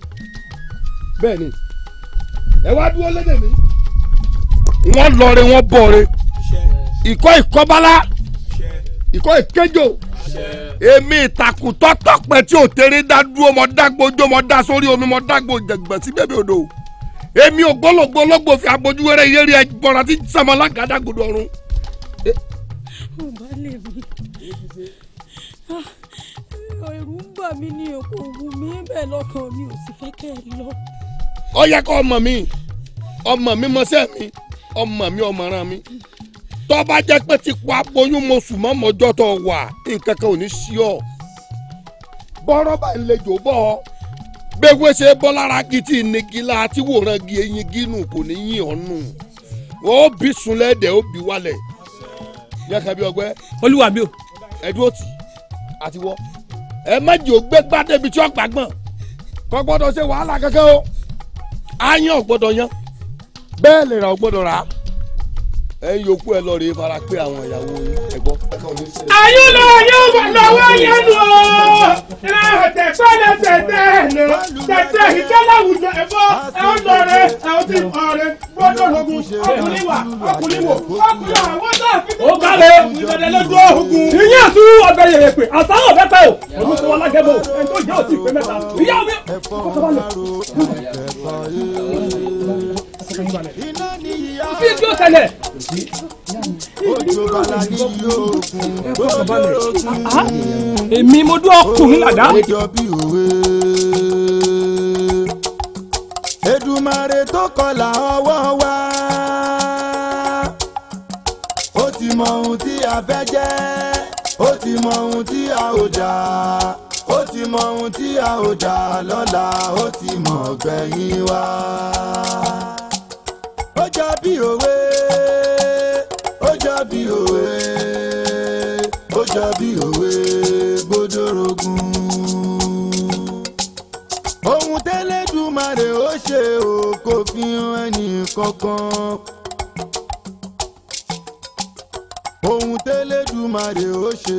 bẹ́ẹ̀ ni ẹ wá dúró lédè mi. wọ́n lọre wọ́n bọ̀re ìkọ́ ìkọ́bálá ìkọ́ ìkẹjọ èmi ìtàkùn tọ́tọ́pẹ́ tí ò tẹ́rẹ́ dá dúró mọ́ dágbó jó mọ́ dá sórí omi mọ́ dágbó jẹ̀gbẹ́ sí bẹ́ẹ̀ bí odò èmi ògbólógbó ológbò fi abojú wẹ́rẹ́ yẹ́rì ẹ̀ bọ̀rọ̀ àti sàmọ́lá gàdágodo ọ̀run. mo lè mi. ẹ̀rù ń bà mí ni òkú ògùn mi bẹ́ẹ̀ lọ́kàn mi ò sì fẹ́ kẹ́ ẹ lọ. ó yẹ ọmọ mi ọmọ mi mọṣẹ́ mi ọmọ mi mi bá jẹ́ pé ti pa aboyún mo sùn mọ́ mọ́jọ́ tó wà nǹkan kan ò ní sí ọ bọ́rọ̀ bá ń jò bọ́ ṣe bọ́ lára gidi gi eyín gínú kò ní yín ọ̀nù bi bí sunlẹ̀ dẹ̀ ó bí wálẹ̀ kábí o. ẹ dúró àti wọ́ ẹ méjì ò gbé gbádé ibi tí ó gbàgbọ́n kò gbọ́dọ̀ ṣe wàhálà kankan o àyàn ò gbọ́dọ̀ yan bẹ́ẹ̀ lè rà ò gbọ́dọ̀ rà á ẹ̀yin yòókù ẹ lọ rè é fara pé àwọn ìyàwó ẹ gbọ́. ayé lọ yóò wà lọ́wọ́ yẹn nù ọ́ tẹ̀tẹ̀ tẹ̀lẹ̀ tẹ̀tẹ̀ lọ tẹ̀tẹ̀ ìtẹ́lẹ̀ ẹ̀fọ́ ẹ̀hún lọ́rẹ́ ẹ̀hún ti ọ̀rẹ́ gbọ́dọ̀ lọ́gùn ọkùnrin wà ọkùnrin wò ọkùnrin àwọn tá a ó kálẹ̀ ìbẹ̀rẹ̀ lọ́jọ́ ogun. ìyá àti ọbẹ̀ pé àtàwọn ọbẹ̀ bí kí ó ṣẹlẹ̀. èmi mo dún ọkùnrin làdá. Èdùmàrè tó kọlà ọwọ́ wa ó ti mọ ohun tí a fẹ́ jẹ́ ó ti mọ ohun tí a ò jà ó ti mọ ohun tí a ò jà lọ́la ó ti mọ̀ gbẹ̀yìn wa òwe ó jọ bí òwe ó jọ bí òwe gbódòrógún. ohun tẹ́lẹ̀dùmarè ó ṣe o kò fi hàn ẹnì kankan. ohun tẹ́lẹ̀dùmarè ó ṣe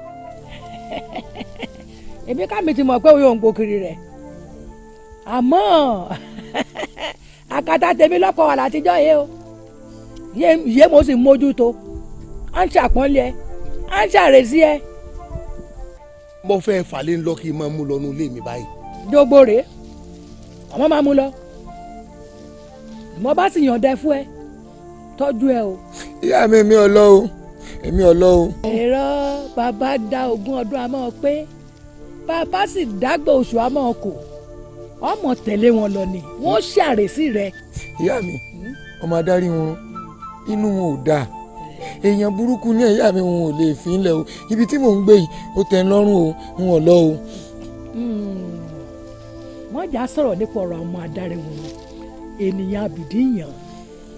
èmi kámi ti mọ̀ pé òun yóò ń gbókiri rẹ̀ àmọ́ àkàtà tèmi lọ́kọ̀ wà látijọ́ yìí o yé mo sì mójútó à ń ṣàpọ́nlé ẹ à ń ṣàrèsí ẹ. mo fẹ́ falẹ̀ ńlọ kí n máa mú lọ nú ilé mi báyìí. dogbo rèé àwọn máa mú lọ mo bá sì yànjẹ fún ẹ tọ́jú ẹ o. ìyá mi mi ò lọ o èmi ò lọ o. èrò bàbá da ogún ọdún àmọ́ pé bàbá sì dágbà oṣù àmọ́ ọkọ̀ ọmọ tẹ̀lé wọn lọ ni wọ́n hmm. ṣàrèsí rẹ. ìyá mi hmm? ọmọ adarí wọn inú wọn ò dáa èèyàn burúkú ní ìyá mi wọn ò lè fi ń lẹ o ibi tí mò ń gbé yìí ó tẹ́ ń lọ́rùn o n ò lọ o. mọ́jà hmm. sọ̀rọ̀ nípa ọ̀rọ̀ ọmọ adarí wọn ènìyàn àbìdí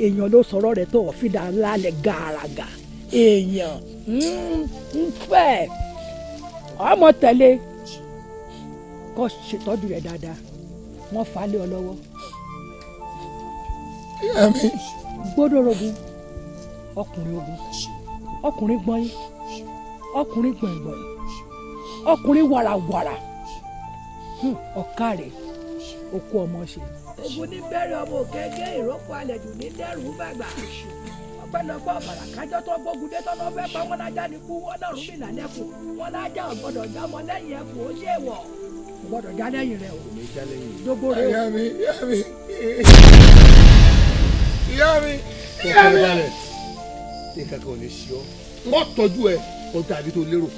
èèyàn ló sọ̀rọ̀ rẹ̀ tó ọ̀fìdá lálẹ́ gàràgà èèyàn ń fẹ́ ọmọ tẹ̀lé kó ṣètọ́jú rẹ̀ dáadáa wọ́n fà á lé ọ lọ́wọ́. ìyá mi. gbódò rogun ọkùnrin ogun ọkùnrin gbọ̀nyin ọkùnrin gbọ̀ngbọ̀n ọkùnrin wàràwàrà hmm, ọ̀ká rẹ̀ òkú ọmọ ṣe. ogun ní bẹ́ẹ̀rẹ̀ ọmọ òkè gé ìrókò àlejò ní dẹ́rù bàgbà pẹ̀lẹ́gbọ́ ọ̀bàrà kájọ́ tó gbógun dé tọ́lọ́ fẹ́ pa wọn lájà ní kú wọn lálẹ́ kù wọn lájà ọ̀gbọ́dọ̀ já mọ́ lẹ́yìn ẹ̀kú ó ṣe wọ̀ ọ̀gbọ́dọ̀ já lẹ́yìn rẹ̀ o. dogbo rẹ o. ìyá mi ìyá mi ìyá mi ìyá mi. kókó balẹ̀ nǹkan kan ò ní ṣe ọ́ wọ́n tọ́jú ẹ̀ ó dàbí tó lérò.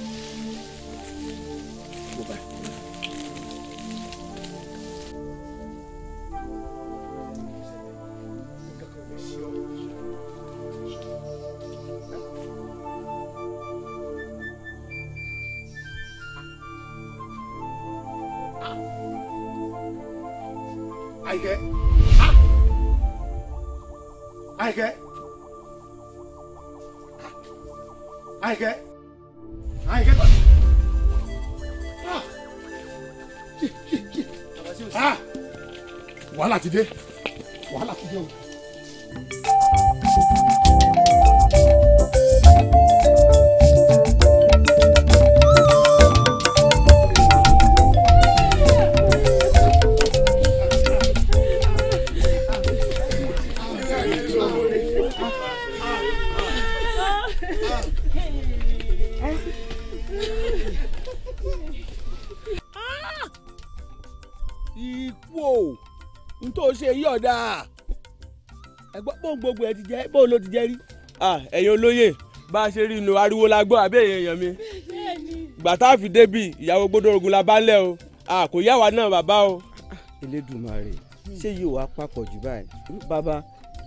gbogbo ẹ ti jẹ bó ló ti jẹ rí. ẹ̀yin olóyè bá a ṣe rí inú ariwo la gbọ́ àbí èèyàn èèyàn mi. gbàtà fi débi ìyàwó gbódòrógùn la bá lẹ̀ o kò yá wa náà bàbá o. Elédùmarè hmm. ṣé yóò wá papọ̀ jù báyìí bàbá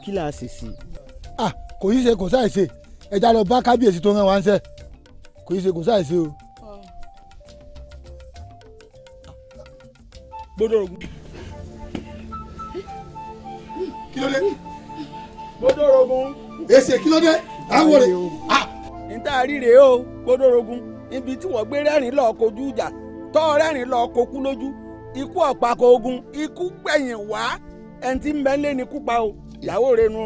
kí là á ṣe sí i. kò yí ṣe kò sáì ṣe ẹja lọ bá kábíyèsí tó rán wa ń ṣe kò yí ṣe kò sáì ṣe o. gbódòrógùn. kí ló dé. gbódòrógún. èsì kí ló dé àwọ̀ rẹ̀. Ah! níta ríre o gbódòrógún ibi tí wọ́n gbé rẹ́rìn lọ kojú ìjà tọ́ rẹ́rìn lọ kokú lójú ikú ọ̀pá ogun ikú gbẹ̀yìn wá ẹni tí mẹ́lẹ́ ni kú pa o ìyàwó rẹ̀ nu.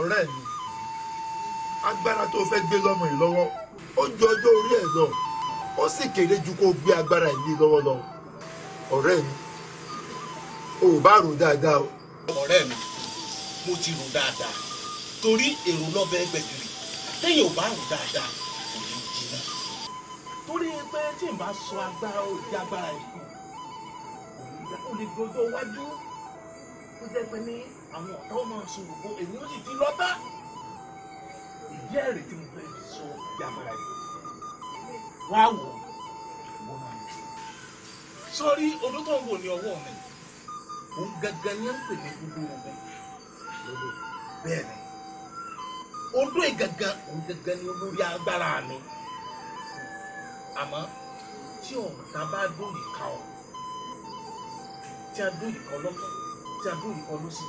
ọ̀rẹ́ mi agbára tó fẹ́ gbé lọ́mọ yìí lọ́wọ́ ó jọjọ́ orí ẹ̀ lọ ó sì kéré ju kó gbé agbára yìí lọ́wọ́ ọ̀rẹ́ mi ò bá rò dáadáa o. ọ̀rẹ́ mi mo ti rò dáadáa torí èrò lọ́bẹ̀ẹ́ gbẹ̀gìrì téèyàn ò bá rò dáadáa kò ní jiná. torí pé tí n bá sọ agbára ó di agbára yìí ó lè gbọ́dọ̀ wájú ó jẹ́ pé ní àwọn ọ̀tá ó máa sọ̀rọ̀ bó èyí ó sì ti lọ́tà ìdí ẹ̀rẹ̀ tí mo fẹ́ sọ di agbára yìí wá wò ó sórí odó tó ń wò ní ọwọ́ mi òun gangan ni ó ń pè ní gbogbo ọgbẹ bẹ́ẹ̀ ni odó ìgangan òun gangan ni olórí agbára mi àmọ́ tí ọ̀tá bá dóyè ká ọ tí a dóyè ká ọlọ́tọ̀ tí a dóyè ká ọlọ́sì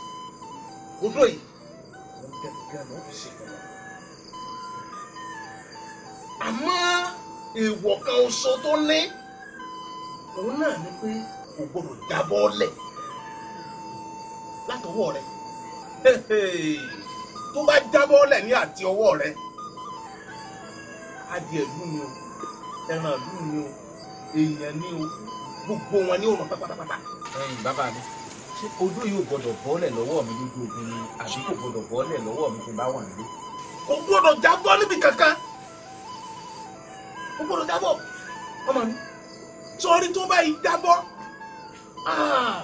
odó yìí òun gangan ni ó fi àmọ́ èèwọ̀ kan oṣù tó ní òun náà ni pé kò gbọdọ̀ jábọ́ lẹ̀ látọwọ́ rẹ tó bá jábọ́ lẹ̀ ní àti ọwọ́ rẹ adìẹ ìlú ni o ẹran ìlú ni o èèyàn ni o gbogbo wọn ni òun pátápátá. ẹ̀yin bàbá mi ṣé odó yóò gbọdọ̀ bọ́lẹ̀ lọ́wọ́ mi lójú ogun ni àbí kò gbọdọ̀ bọ́lẹ̀ lọ́wọ́ mi tó bá wà nílé. kò gbọdọ̀ jábọ́ níbi kankan kò gbọdọ̀ jábọ̀ ọmọ mi sọrí tó bá yìí ah,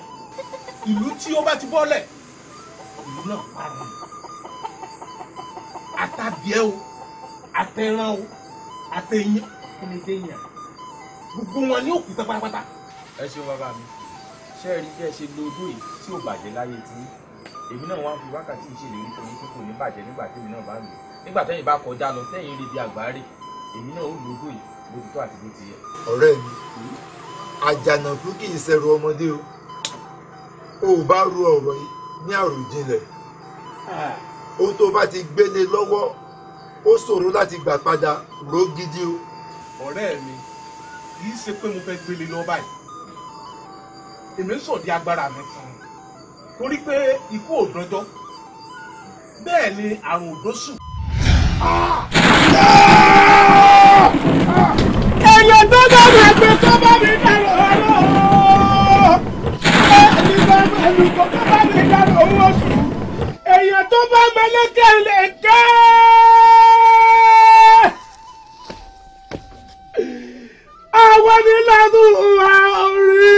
ìlú tí ó bá ti bọ́lẹ̀ ìlú náà para àtàbíẹ́ o àtẹ̀ràn o àtẹ̀yìn onídéyìn gbogbo wọn ní òkúta pátápátá. ẹ ṣeun bàbá mi ṣé ẹ rí bí ẹ ṣe lo odó yìí tí ò bàjẹ́ láyé tí èmi náà wá fi wákàtí ìṣèlérí fún yín tó ní bàjẹ́ nígbà tẹ́mi náà bá lò nígbà tẹ́yìn bá kọjá lọ tẹ́yìn rí bí àgbáre èmi náà ó lóògùn yìí bó ti tó àti bó ti yẹ. ọ̀rẹ́ mi àjànàkú kì í ṣẹ̀rù ọmọdé o o ò bá ru ọ̀rọ̀ yìí ní àròjinlẹ̀ ah. ohun tó bá ti gbélé lọ́wọ́ ó ṣòro láti gbà padà ró gidi o. ọ̀rẹ́ mi kì í ṣe pé mo fẹ́ gbélé lọ báyìí èmi ń sọ̀dí agbára mi fún un torí pé ikú ò dọjọ́ bẹ́ẹ̀ ni àrùn ò dóṣù. Ah! èèyàn tó bá mi pé tó bá mi dàrú ọ̀rọ̀ ẹni bá mi olùkọ́ tó bá mi dàrú owó oṣù èèyàn tó bá mẹlẹ́kẹ́ lè kẹ́. àwọn nílànà ìwà orí.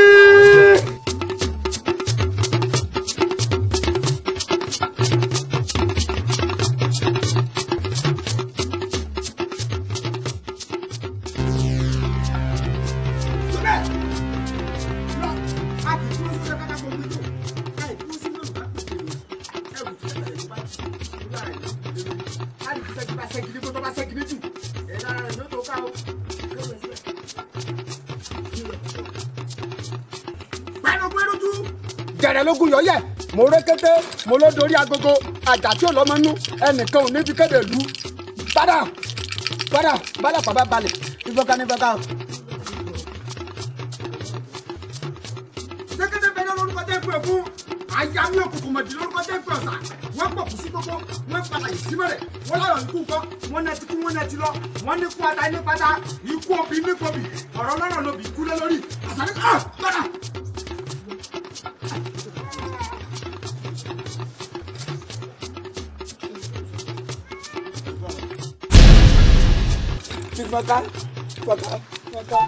rẹ lógún yọ yẹ mo rékété mo ló dorí agogo àjà tí ò lọ́mọ nú ẹnìkan ò ní fi kéde lu padà padà padà pàbá balẹ̀ ìfọ̀kà ní ìfọ̀kà. sẹ́kẹ́tẹ́ bẹ́ẹ̀ lórúkọ tẹ́ pẹ́ fún àyà mi òkùnkùn mọ̀jì lórúkọ tẹ́ pẹ́ ọ̀sà wọ́n pọ̀ kù gbogbo wọ́n padà yìí símọ̀lẹ̀ wọ́n lọ́rọ̀ ní kú kọ́ wọ́n nẹ́ti kú wọ́n nẹ́ti lọ wọ́n ní kú ata ní pátá ikú òbí ní kòbí ọ̀rọ̀ lọ́rọ̀ lóbi ikú lé lórí àtàlẹ́ Faka, faka, faka.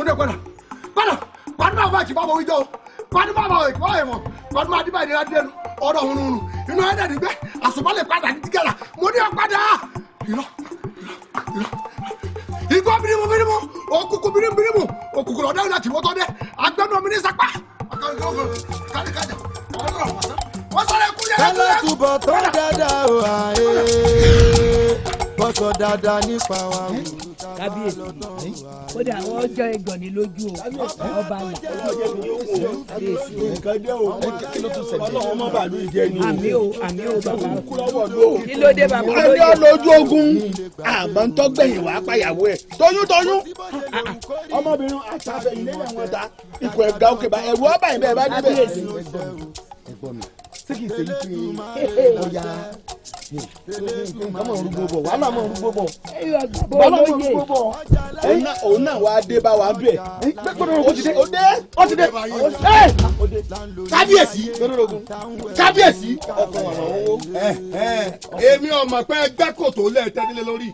múndé padà padà padà bá ti bábọ̀ wíjọ́ padà bá bọ̀ ìkọ́ ẹ̀mọ́ padà bá dìbà ìdíra díẹ̀ nu ọ̀dọ̀ ọ̀run nù inú ẹ̀dẹ̀ nígbẹ́ àsopalẹ̀ padà ní tìgẹ̀là múndé padà ìlọ ìlọ ìgbọ́ birimu birimu òkùnkù birimu birimu òkùnkù lọ́dẹ́ ọ̀dà tìwọ́tọ́ dẹ́ agbẹ́nu omi ní sapa. kálíkù bọ̀ tó dáadáa o àyè wọ́n sọ dáadáa nípa wa kábíyèsí kódà wọ́n jọ ẹgbọ̀nì lójú o ọba àlà kábíyèsí o ọlọ́run má bàálù ìjẹ ni o àmì o àmì o bàbá kí ló dé bàbá olóyè. ẹjọ́ lójú ogun àmọ́ ń wàá pàyàwó ẹ̀ tóyún tóyún ọmọbìnrin àtàfẹ̀yìn lẹ́yìn àwọn ọ̀tá ikọ̀ ẹ̀gá òkè bá ẹ̀rù ọ̀bà ìbẹ̀ bá dé bẹ̀ tí kì í ṣe ike ọ̀yà ọmọ orúgbó bọ̀ wàhálà ọmọ orúgbó bọ̀ wàhálà ọmọ orúgbó bọ̀ òun náà wàá dé bá wa bẹ̀. ó ti dé ó dé ó ti dé kábíyèsí kábíyèsí ọkàn ọ̀rọ̀ owó. èmi ọmọ pé ẹgbẹ́ kò tó lẹ̀ tẹ́lẹ̀ lórí.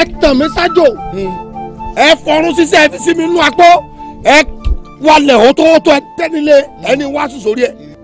ẹ tàn mí ṣáájú ẹ fọrún sísẹ ẹ fi sí mi nú apó ẹ wálẹ̀ ó tó tó ẹ tẹ́nilé ẹni wá sùn sórí ẹ.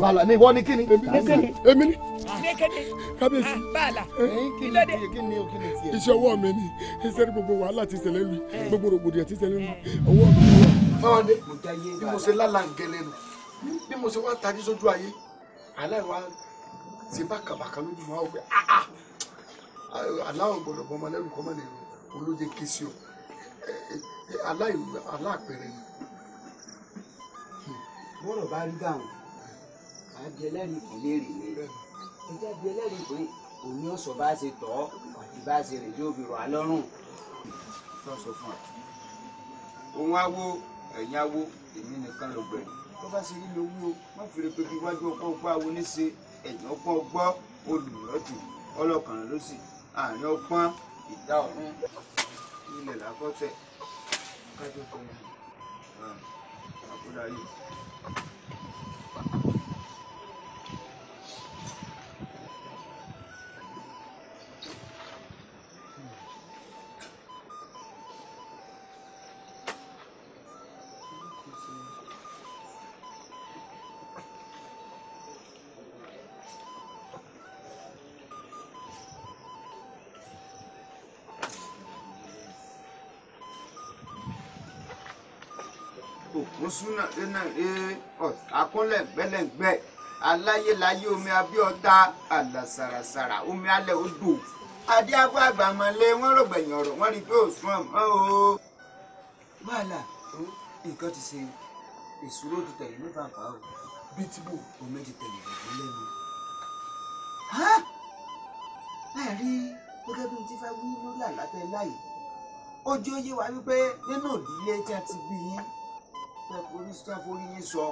bàlà ni ìwọ ni kíni. èmi ni kábíyèsí bàlà kílódé iṣẹ́ ọwọ́ mi ni iṣẹ́ ní gbogbo wàhálà ti ṣẹlẹ̀ lu eh. gbogbo rògbòdìyàn ti ṣẹlẹ̀ lu eh. ọwọ́ mi ni. fáwọnde bí mo ṣe lálàá gẹlẹ nù bí mo ṣe wá tají sójú ayé aláìwá ṣe bá kàbàkà lójú mọ́ àwọn pé ah, ah. aláwọ̀ gbọ́dọ̀ bọ́ ọmọ lẹ́rù kọ́mọ́ lè olóye ké sí ọ eh, aláìwé aláàpẹrẹ ni. bọ́ọ̀rọ̀ bá rí báwọn àbí ẹlẹ́rìí kò léèrè ni ẹjẹ́ àbí ẹlẹ́rìí pé òní ọ̀sọ̀ bá ṣe tọ́ àti bá ṣe rè tí ó fi rọ̀ á lọ́rùn sọ̀sọ̀ fún ọ. òun awo ẹ̀yin awo èmi nìkan ló gbẹ̀rù tó bá ṣe nílò owó má fi rè pé bí iwájú ọkọ̀ ọgbà wo ní ṣe ẹ̀yìn ọkọ̀ ọgbọ́ olùrọ̀jù ọlọ́kàn ló sì àárín ọgbọ́n ìdá ọ̀run ilẹ̀ làkọ́tẹ̀ kájọ fún mi àkúrà yìí. osuna ena ee akunlẹ gbẹlẹgbẹ aláyélayé omi abíọ́dá àlàsàràsàrà omi alẹ odò adé abọ àgbàmọlé wọn rògbẹ̀yìn ọ̀rọ̀ wọn rí pé òsùn ọmọ o wàhálà nǹkan ti ṣe ìṣòro ti tẹ̀lé ní fàǹfà o bí omi ti tẹ̀lé ìgbàgbọ́ lẹ́nu. láàrin gẹ́gẹ́ bí mo ti fẹ́ wí lórí àlàtẹ̀ láyé ó jẹ́ wa wípé nínú ìdílé tí a ti bí orí sítá forí yín sọ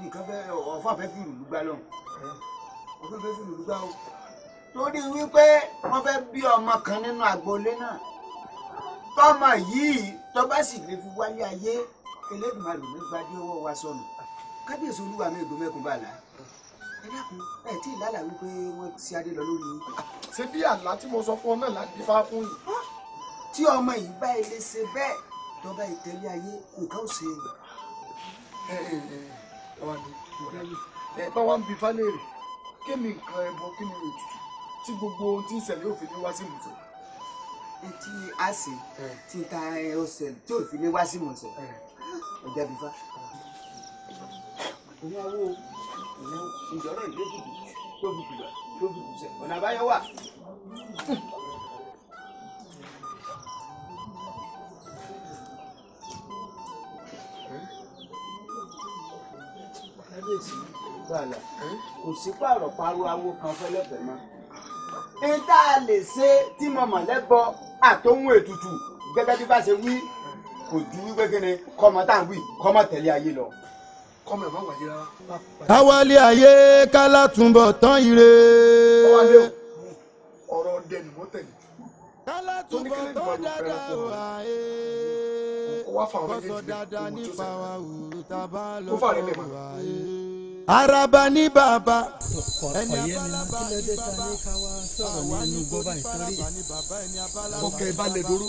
nǹkan fẹ́ ọ̀fà fẹ́ fi ìlú gbá lọ́hùn ọ̀fà fẹ́ fi ìlú gbá o torí wípé wọ́n fẹ́ bí ọmọ kan nínú agboolé náà tọ́mọ yìí tó bá sì lè fi wáyé ayé Elédùmarè ló gbadé ọwọ́ wa sọnù kábíyèsí olúwa mi ìgbómẹ́kùn bàlá ẹ dákun ẹ tí ì lálàá wípé wọ́n ti adé lọ lórí. ṣé bí àlá tí mo sọ fún ọ náà láti fá fún yìí. tí ọmọ yìí bá ilé ṣe bẹ́ẹ̀ dọ́ba ìtẹ́lé ayé òkà òsè o. ẹ ẹ ẹ ọwọ àti ìgbà ẹ bá wa ń bi fálẹ́rì kémi nǹkan ẹbọ kí ni ètùtù tí gbogbo ohun tí ń ṣẹlẹ̀ òfin ní wá sí ìmùsọ̀. etí àṣì ti ta ọ̀sẹ̀ tí òfin ní wá sí ìmùsọ̀ ọ̀dà bífá. ìyàwó ìjọba ìlú èkìtì tó fi kùsẹ̀ ọ̀nà àbáyọ wà. kábíyèsí gbàlà kò sí pààrọ̀ paro awo kan fẹ́lẹ́fẹ́ mọ́. n tá a lè ṣe tí mo mọ̀ lẹ́bọ àtòhun ètùtù gẹ́gẹ́ bí bá ṣe wí kò ju wípé kíni kọ́mọ tá à wí kọ́mọ tẹ̀lé ayé lọ. kọ́mọ ẹ̀ má wáyé rárá. káwálé ayé kálá túnbọ̀ tán ire. ọ̀rọ̀ ọdẹ ni mo tẹ̀lé. kálá túnbọ̀ tán dáadáa wà kó wá fáwọn méjèèjì lẹ́yìn tó sẹ́yìn kó rẹ̀ lẹ́mọ̀. Hmm. araba ní bàbá. ọ̀yẹ́ mi ní kí ló dé ta ní ká wá sọ̀rọ̀ nínú gbọ́ báyìí torí ọkẹ́ balẹ̀ dúró.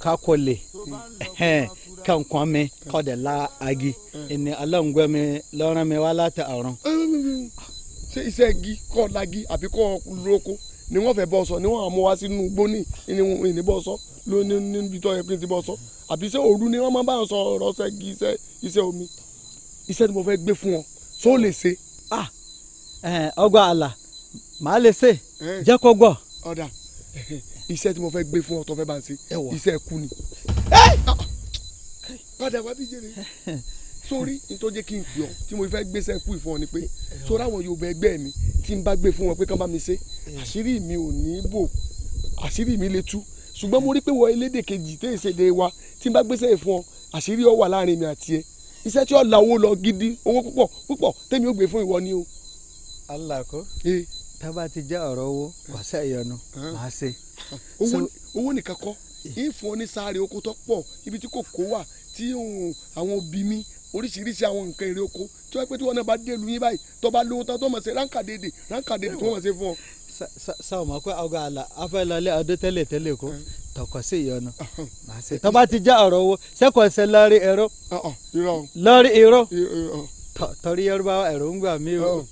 kakɔle ɛhɛn kankwame de la agi ɛnɛ ala ŋgɔmi lɔrɔmi wala tɛ ɔrɔn. ṣé iṣẹ́ igi kọ́ lagi àbí kọ́ lóko ni wọ́n fẹ́ bọ́ sọ ni wọ́n àmú wá sínú gbóni ìní bọ́ sọ lóní níbi tó yẹ kí n ti bọ́ sọ àbí ṣé òru ni wọ́n máa bá sọ ọ̀rọ̀ ṣẹ́ igi iṣẹ́ iṣẹ́ omi iṣẹ́ tí mo fẹ́ gbé fún ọ sọ lè ṣe. ọgbà àlà màá lè ṣe jẹ́ kó gbọ́ iṣẹ́ tí mo fẹ́ gbé fún ọ tó fẹ́ bá ń ṣe iṣẹ́ kú ni. Ah! padà wá bí jèrè sórí nítorí kí n pè ọ tí mo fẹ́ gbéṣẹ́ kú ìfọ̀ ni pé sórí àwọn Yorùbá ẹgbẹ́ mi tí n bá gbé fún wọn pé kán bá mi ṣe àṣírí mi ò ní bò àṣírí mi lè tú ṣùgbọ́n mo rí pé wọ elédè kejì tẹ́ ìṣèdè wa tí n bá gbéṣẹ́ fún ọ àṣírí ọ wà láàrin mi àti ẹ iṣẹ́ tí ó la owó lọ gidi owó púpọ̀ púpọ̀ tẹ́mi ó gbé fún ìwọ ni o. alako. ee tá a bá ti jẹ́ ọ̀rọ̀ owó kò sẹ́ ìyọnu máa ṣe. owó nìkan kọ́ ìfún onísàárè oko tó pọ̀ ibi tí kòkó wà tí àwọn òbí mi oríṣiríṣi àwọn nǹkan èrè oko tí wọ́n pẹ́ tí wọ́n náà bá délùú yín báyìí tó bá lówó tán tó mọ̀ ṣe ránkà dédè ránkà dédè tó mọ̀ ṣe fún ọ. sáwọn mọ̀ pé ọgá àlà afẹ́lẹ́lẹ́ ọdún tẹ́lẹ̀ tẹ́lẹ̀ kó tọkọ sí ìyọnu tó bá ti já ọ̀rọ̀ owó sẹ́kọ̀ọ́ ṣe lọ́rí ẹ̀rọ lọ́rí ìró torí yorùbá ẹ̀rọ ń gbà mí o.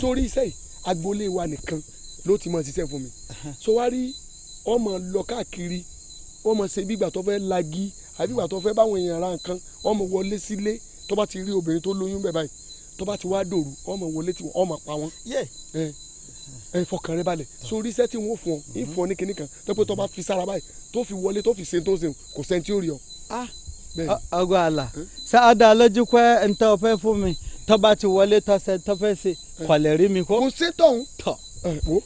sórí iṣẹ́ yìí agboolé wa nìkan ló ti mọ ṣiṣẹ́ fún mi so wá rí ọmọ lọ káàkiri ọmọ ṣe bí ìgbà tó fẹ́ lagi àbí ìgbà tó fẹ́ báwọn èèyàn ra nǹkan ọmọ wọlé sílé tó bá ti rí obìnrin tó lóyún bẹ́ẹ̀ báyìí tó bá ti wá dòru ọmọ wọlé tí ọmọ pa wọn ẹ fọkàn rẹ balẹ̀ so oríṣẹ́ tí wọ́n fún ọ ìfọ̀ ní kinní kan tó pé tó bá fi sára báyìí tó fi wọlé tó fi ṣe tó ṣe kò sẹ́ni ó rí ọ. Ah. ọgọ àlà sáà dá lójú pé ntẹ́ ọ fẹ́ fún mi tó bá ti wọlé tọ́sẹ̀ tó fẹ́ ṣe kọ̀lẹ̀ rí mi kó. kò sí tọ̀hún. tọ̀ wo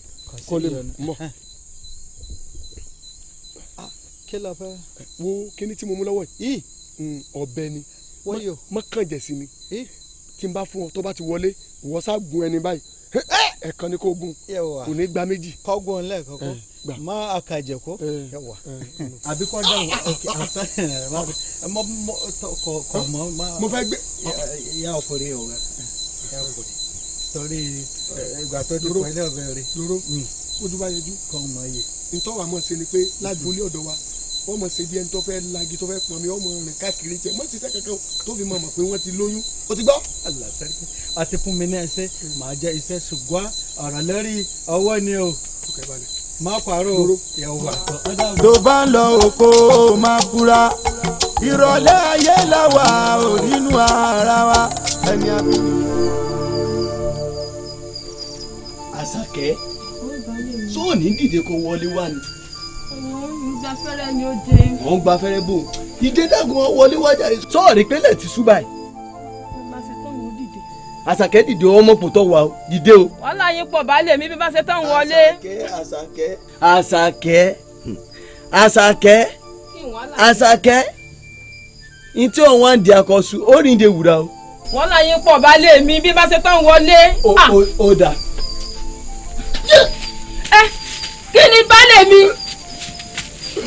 kò lè mọ̀. Ah, kí ló fẹ́. wo kíní tí mo mú lọ́wọ́ yìí hmm, ọ̀bẹ ni mọ́kànjẹ̀sí ni tí n bá fún ọ tó bá ti wọlé wọ́sà ẹni báyìí Eh, ẹ̀kan ni kò gun kò ní gba méjì. kọ́gun ọ̀nlẹ̀ kọ́kọ́ eh, mọ akajẹ ko eh, àbí kọ́ dẹ̀ kọ́ mọ́ mo fẹ́ gbé ya ọkùnrin o ya ọkùnrin ìgbà tó di pẹ̀lẹ́ ọ̀bẹ rẹ̀ dúró ojú bá kọ́ mọ́ yẹ. ntọ́wà mọ̀ sí ni pé lágbo ní wa wọ́n mọ̀ ṣe bí ẹni tó fẹ́ lagi tó fẹ́ pọn mi wọ́n mọ̀ rìn káàkiri tiẹ̀ mọ̀ ṣiṣẹ́ kankan tó fi mọ̀ mọ̀ pé wọ́n ti lóyún ó ti gbọ́. a ti fún mi ní ẹsẹ̀ màá jẹ́ iṣẹ́ ṣùgbọ́n ọ̀rọ̀ lórí ọwọ́ ni o má pàrọ̀ ìyàwó tó bá ń lọ oko máa kúra ìrọ̀lẹ́ ayé làwà ò nínú ara wa ẹni àmì. àṣàkẹ́ sóòní dìde kó wọlé wá ni gbafẹ́rẹ́ ni ó dé. wọ́n ń gbafẹ́rẹ́ bò ìdẹ́dàgùn wọn wọlé wájà yìí. sọ́ọ̀rì pẹ́lẹ̀ ti sú báyìí. àṣàkẹ́ dìde ọmọ kò tọ́ wa o dìde o. wàhálà yín pọ̀ baálé mi bí bá ṣe tán wọlé. àṣàkẹ́ àṣàkẹ́ àṣàkẹ́ àṣàkẹ́ ní tí òun wá ń di àkọ́sù ó rìn de wura. o. wàhálà yín pọ̀ baálé mi bí bá ṣe tán wọlé. ó ah! dà. ẹ eh, kí ni baálé mi.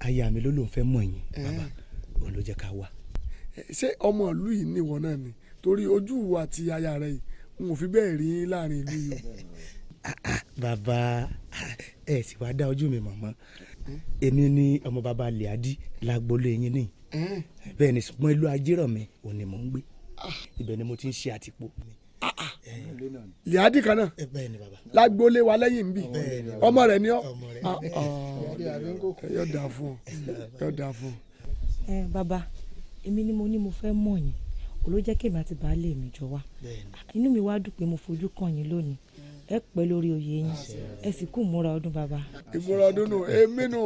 aya mi ló lóun fẹ́ mọ̀ yín bàbá òun ló jẹ́ ká wá. ṣé ọmọ ìlú yìí ni ìwọ náà ni torí ojú wo àti aya rẹ yìí n ò fi bẹ́ẹ̀ rí láàrin ìlú yìí. Ah, ah, bàbá ah, ẹ sì wá dá ojú mi mọ̀mọ́ èmi ni ọmọ bàbá lẹ́àdí lágbóló eyín ní bẹ́ẹ̀ ni ṣùgbọ́n ìlú ajérọ̀mí òun ni mò ń gbé ibẹ̀ ni mo ti ń ṣe àtìpó mi liadi kan náà lágbólé wa lẹ́yìn nbí ọmọ rẹ̀ ni ọ́ ah, ah. yóò dà fún yóò dà fún. ẹ bàbá èmi ni mo ní mo fẹ́ mọ̀ yín olójẹ́ kèmi àti baálé mi jọ wá inú mi wá dùn pé mo fojú kàn yín lónìí ẹ pẹ́ lórí oyè yín ẹ sì kú múra ọdún bàbá. ìmúra ọdún nù èmi nù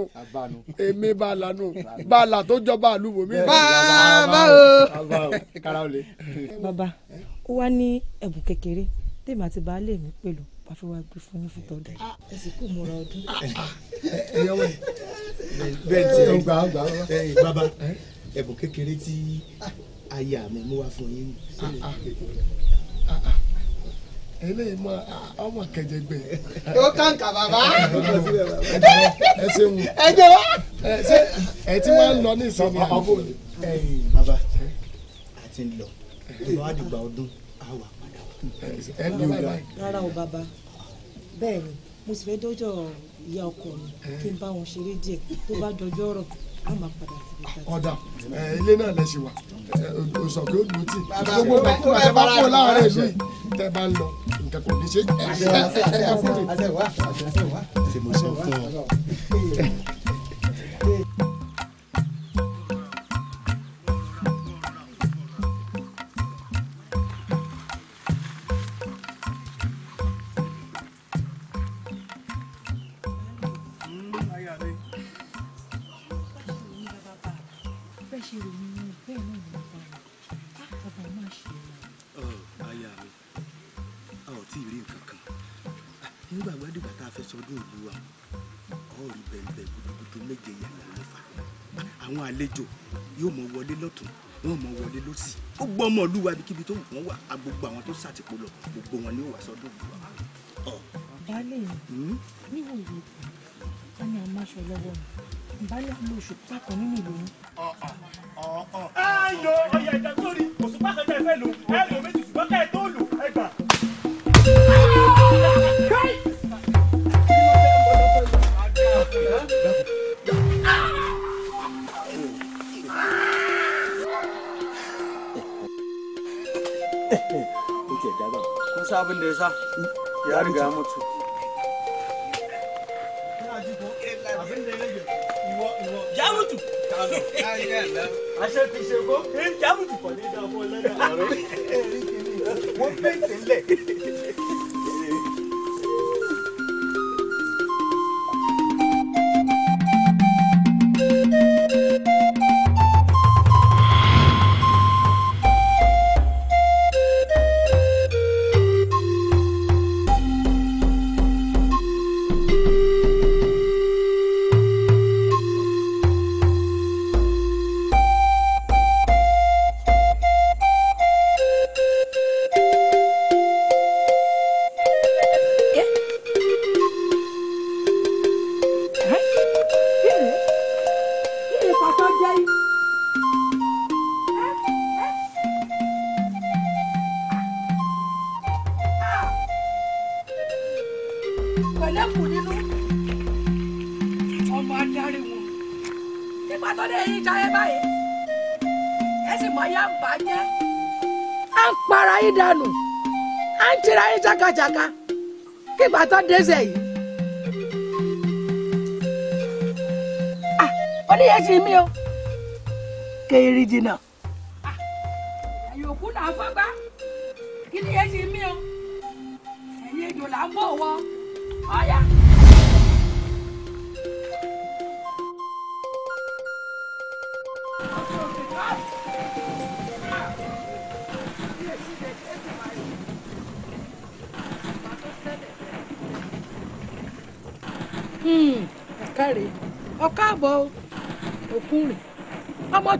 èmi bàálà nù bàálà tó jọba àlùbọ̀ mi. bàbá o bàbá ó wá ní ẹ̀bùn kékeré tèmi àti baálé mi pẹ̀lú bá fẹ́ wá gbé fún yín fún tọ́dọ̀. ẹ sì kú múra ọdún. ẹ yọ wẹ bẹ́ẹ̀ tí ẹ gbà gbà ẹ bàbá ẹ̀bùn kékeré tí aya mi mú wá fún yín. eléyìí mọ ọmọ kẹjẹgbẹ. yóò kàǹkà bàbá. ẹ ṣeun. ẹ jẹ wá. ẹ ti máa ń lọ ní ìsọmọ àbúrò. bàbá a ti ń lọ tó bá dìgbà ọdún á wà padà wá. rárá o bàbá bẹ́ẹ̀ ni mo sì fẹ́ dọ́jọ́ ìyá ọkọ mi kí n bá wọn ṣeré díẹ̀ tó bá dọjọ́ rọ̀ á máa padà sí ibi ìtajà. ọ̀dà ilé náà lẹ ṣe wà òsòkè ó tì gbogbo bàtú àti bàtú láàárẹ̀ ìlú yìí tẹ́ bá ń lọ nǹkan kò ní ṣe é ẹ ẹ fún mi. ṣe mo sọ fún ọ. ọmọlúwa ibikíbi tó wù wà á gbogbo àwọn tó ṣàtìpó lọ gbogbo wọn ni ó wà sọ́dọ̀ olúwa. baálé níwò yìí wọn ni àwọn aṣọ lọ́wọ́ mi baálé lo òṣùpá kan nínú ìlú mi. ẹ yọ ọyà ìdàgbòrí òṣùpá kan tẹ fẹ lò ẹ lò méjì sa abin da ya sa ya riga ya mutu ya mutu aṣẹ́ ti ṣe kó ya mutu. wọ́n bẹ̀rẹ̀ lẹ̀. jàkàjàkà kígbà tó dẹ́sẹ̀ yìí. oníyẹ̀sì mi o kèrè jìnnà.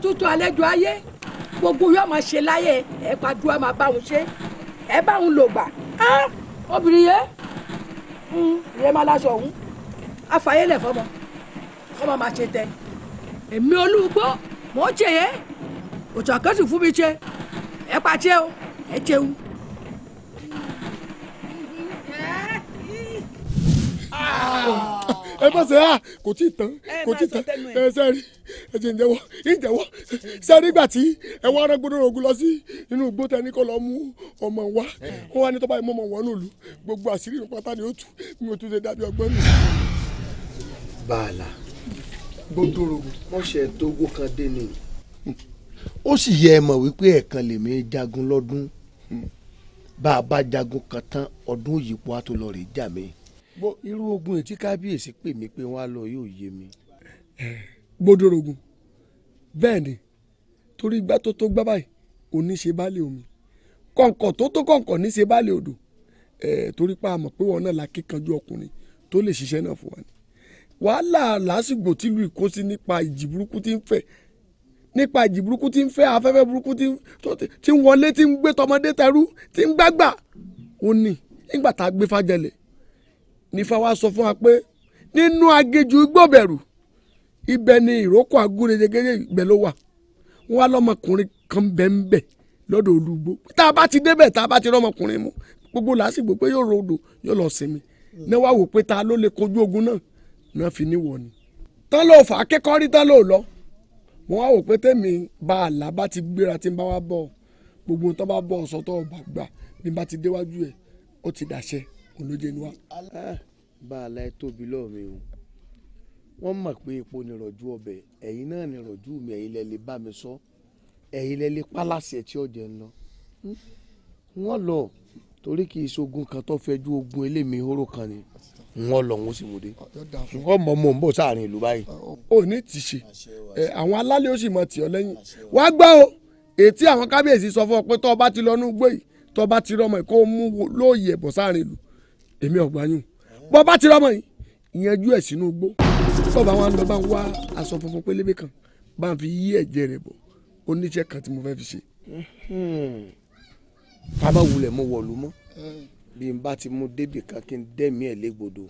tuntun àlejò ayé gbogbo yóò máa ṣe láyé ẹ pàdúrà máa bá òun ṣe ẹ bá òun lò gbà á obìnrin yẹ hmm, ìyẹn máa láṣọ òun àfàyẹlẹ fọmọ fọmọ máa ṣe tẹ èmi olúgbó mò ń ṣe yẹ òtún àkẹ́sì fún mi ṣe ẹ pàṣẹ o ẹ jẹun. ẹ bá ṣe á kò tí ì tán kò tí ì tán ẹ sẹ́ẹ̀rì ẹ jẹ́ ìjẹ́wọ́ ìjẹ́wọ́ ṣé nígbà tí ẹ wá rán gbódò ogun lọ sí inú igbó tẹ ní kó lọ mú ọmọ wa wọn wá ní tó bá yẹ mọ́ ọmọ wọn lòlù gbogbo àṣírí ìlú pátá ni ó tú mi ò tún ṣe dábì ọgbọ́n mi. bàálà gbódò ogun wọn ṣe tógó kan dé ni. ó sì yẹ ẹ mọ̀ wípé ẹ̀kan lèmi jagun lọ́dún bá a bá jagun kan tán ọdún òyìnbó a tó lọ rè jà mí. bó irú ogun ètí kábíyèsí pè mí pé wọn á lọ yóò yé mi. gbódò ogun bẹ́ẹ̀ torí igbá tó tó gbá báyìí oníṣe baálé omi kọ̀ǹkọ̀ tó tó kọ̀ǹkọ̀ níṣe baálé odò ẹ̀ torí pa àmọ̀ pé wọn náà la kíkanjú ọkùnrin tó lè ṣiṣẹ́ náà fún wa ni wàhálà lásìgbò tìlú ìkó sí nípa ìjì burúkú tí ń fẹ̀ nípa ìjì burúkú tí ń fẹ́ afẹ́fẹ́ burúkú tí ń wọlé tí ń gbé tọmọdé tẹrú tí ń gbàgbà ó ní nígbà tá a gbé fàjẹlẹ̀ nífa wa sọ fún wa pé nínú aginjù igbó ibẹ̀ ni ìrókò agúnrégégé ibẹ̀ ló wà wọn wá lọmọkùnrin kan bẹ́ẹ̀nbẹ́ lọ́dọ̀ olùgbò tá a bá ti débẹ̀ tá a bá ti rọmọkùnrin mu gbogbo làásìgbò pé yóò rodò yóò lọ sinmi ní wàá wò pé ta ló lè kojú ogun náà náà fi níwọ ni. tán ló fà á kékọ́rí tán ló lọ mo wá wò pé tèmi bá a là bá ti gbéra tí n bá wá bọ̀ gbogbo tó bá bọ̀ sọ́tọ̀ ọba gbà bí bá ti déwájú ẹ̀ ó ti dàṣẹ olójé ni bá a la ẹ tóbi lọ́ọ̀ mi o wọ́n mọ̀ pé epo nìrọ̀jú ọbẹ̀ ẹ̀yin náà nìrọ̀jú mi ẹ̀yin lẹ lè bá mi sọ ẹ̀yin lẹ lè pálásẹ̀ tí ọ̀jẹ̀ ń lọ. wọ́n lọ torí kì í ṣogun kan tó fẹjú ogun elémi hóró kan ni wọ́n lọ wọ́n sì mú dé. ṣùgbọ́n mọ̀ mọ̀ ń bọ̀ sáàrin ìlú báyìí. ò ní ti ṣe àwọn alálẹ̀ ó sì mọ̀ tì ọ́ lẹ́yìn wá gbá o ètí àwọn kábíyèsí sọ fún ọ pé tọ́ba ti lọ́nú gbé yìí tọ́ba ti rọmọ yìí kó mú lóòyè bọ̀ sáàrin ìlú èmi ọ̀gbáyùn bọ́ba ti rọmọ yìí ìyẹn jú ẹ̀ sínú gbó bàbá wa ń lọ bá ń wá aṣọ funfun pélébé kan bá ń fi yí ẹ̀jẹ̀ rẹ̀ bọ̀ ó kan tí mo fẹ́ fi ṣe. bàbá wulẹ̀ mo wọ̀ ló mọ́ bí n bá ti mú débì kan kí n dẹ́mi ẹ̀ légbodò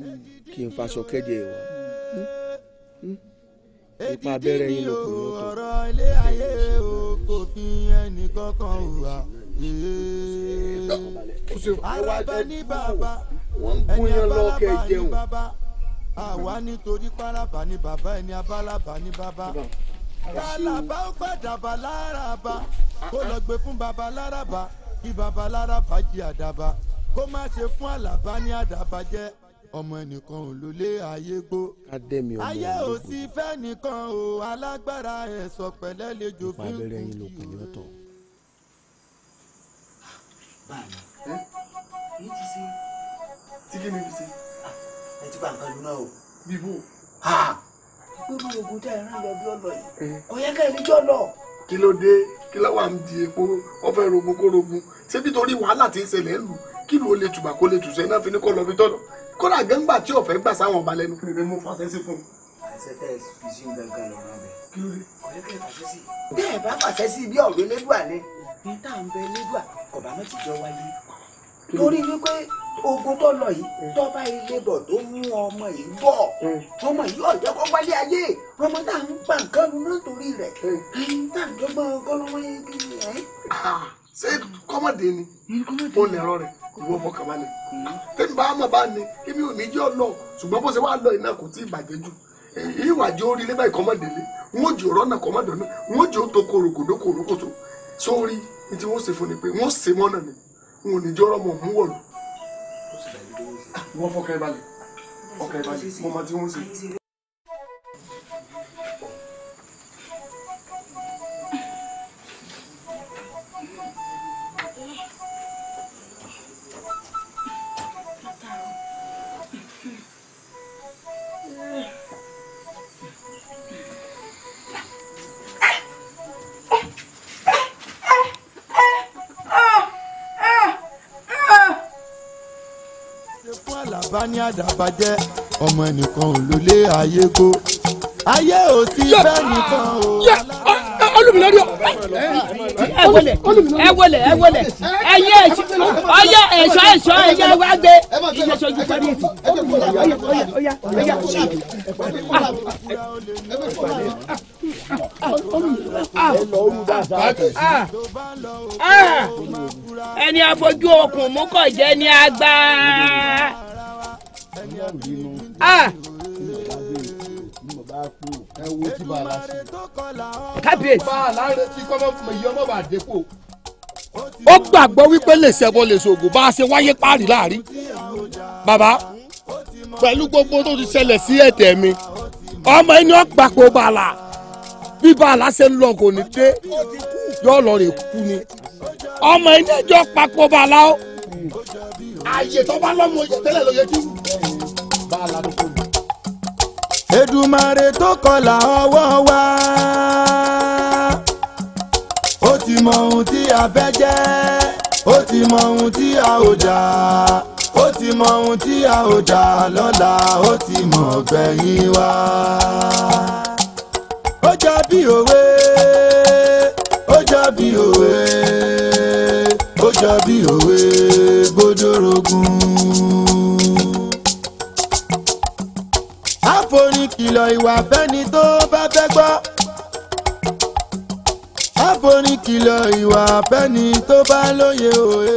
kí n faṣọ kẹ́jẹ ẹ̀ ipa abẹ́rẹ́ yín ló kù ló ọ̀rọ̀ ilé ayé o kò fi ẹnì kankan hùwà. araba ní bàbá ẹ̀yà bàbá ní bàbá àwa nítorí pálábà ni bàbá ẹni abálábà ni bàbá lálàbà ó gbàdàbà láràbà kó lọ gbé fún bàbá láràbà kí bàbá láràbà jí àdàbà kó má ṣe fún àlàbà ní àdàbà jẹ ọmọ ẹnìkan ò ló lé ayé gbó ayé ò sí fẹ́ nìkan ò alágbára ẹ̀ sọ pẹ̀lẹ́ lẹ́jọ́ fún ìlú. báyìí ní ti ṣe tí kí ni ti ṣe ẹ ti pa nǹkan lu náà o. bíbó. irú oògùn tẹ ẹ rán lọ bí ọlọ yìí eh. kò yẹ ká ẹni jọ lọ. kí ló dé kí láwa ń di epo ọfẹ rogun kó rogun ṣé nítorí wàhálà tí ń ṣẹlẹ̀ ń lù kí ló lè tùbà kó lè tùsẹ náà fi ní kó lọ fi tọ̀nà kódà gẹ́ngbà tí ọ̀fẹ́ gbà sáwọn ọba lẹ́nu. bèbè mo fàṣẹ sí fún un. àṣẹ tẹ ẹ fi sí gangan lọ rán kí ló dé kò yẹ ká ẹ fàṣẹ sí. bẹ́ẹ̀ bá fàṣẹ sí bí ọ̀rọ̀ elédùà ni torí wípé ogun tó lọ yìí mm. tọ́ba ilé bọ̀ tó mú ọmọ yìí bọ̀ mm. ọmọ yìí ọ̀jọ́ kó wálé ayé ọmọ tá à ń pa nǹkan nu náà torí rẹ̀ mm. tá à ń dọ́gbọ́n kọ́lọ́mọ yẹn bí ẹ́. Ah, ṣé kọ́mọ̀dé ni ó lè rọ rẹ̀ ìwọ fọkànbalẹ̀ tẹ́mi bá mọ̀ bá ní kíbi ò ní jẹ́ ọ lọ ṣùgbọ́n bó ṣe wá lọ iná kò tí ì bàjẹ́ jù ìwàjọ orí ilé báyìí kọ́mọ̀délé wọn ò jò rọ́nà kọ́mọ̀dọ́nà wọn ò jò tó korokòdókòrókòtò sórí ní tí wọ́n ṣe fún ni pé wọ́n ṣe mọ́nà ni n ò ní jọ́rọ̀ mọ̀ mú wọ̀lú. wọ́n fọkàn ẹ balẹ̀ fọkàn ẹ balẹ̀ mo ti wọ́n ṣe. àdàbàjẹ́ ọmọ ẹnìkan ò ló lé ayé gbó ayé ò sí bẹ́ẹ̀ nìkan o. olùmìnira ẹ wọlé ẹ wọlé ẹ wọlé ẹyẹ ọyẹ ẹṣọ ẹṣọ ẹyẹ wá gbé ìṣẹṣọ ju pẹ̀lú ìtì. ẹni afojú okùn mú kọ̀ jẹ́ ní agbára ẹwo tí bá a la sí. kábíyèsí. bá a láre tí kọ́mọ́ fún mi yọ ọmọ bá dépò. ó gbàgbọ́ wípé lè ṣẹbọ lè ṣògùn bá a ṣe wáyé páàrí láàrin. bàbá pẹ̀lú gbogbo tó ti ṣẹlẹ̀ sí ẹ̀tẹ̀ mi ọmọ ẹni ọgbà kó bàlà bí bàlà ṣe ń lọ kò ní dé yóò lọ rè kú ni ọmọ ẹni ẹjọ́ papọ̀ bàlà ó àyè tó bá lọ́mọ tẹ́lẹ̀ ló yẹ kí wù. Edumare tó kọlà ọwọ́ wa ó ti mọ ohun tí a fẹ́ jẹ́ ó ti mọ ohun tí a ò jà ó ti mọ ohun tí a ò jà lọ́la ó ti mọ gbẹ̀yìn wa. ó jọ bí òwe ó jọ bí òwe ó jọ bí òwe gbódòrógún. àforin kìlọ̀ ìwà fẹ́ni tó bá fẹ́ gbọ́. àforin kìlọ̀ ìwà fẹ́ni tó bá lóye òye.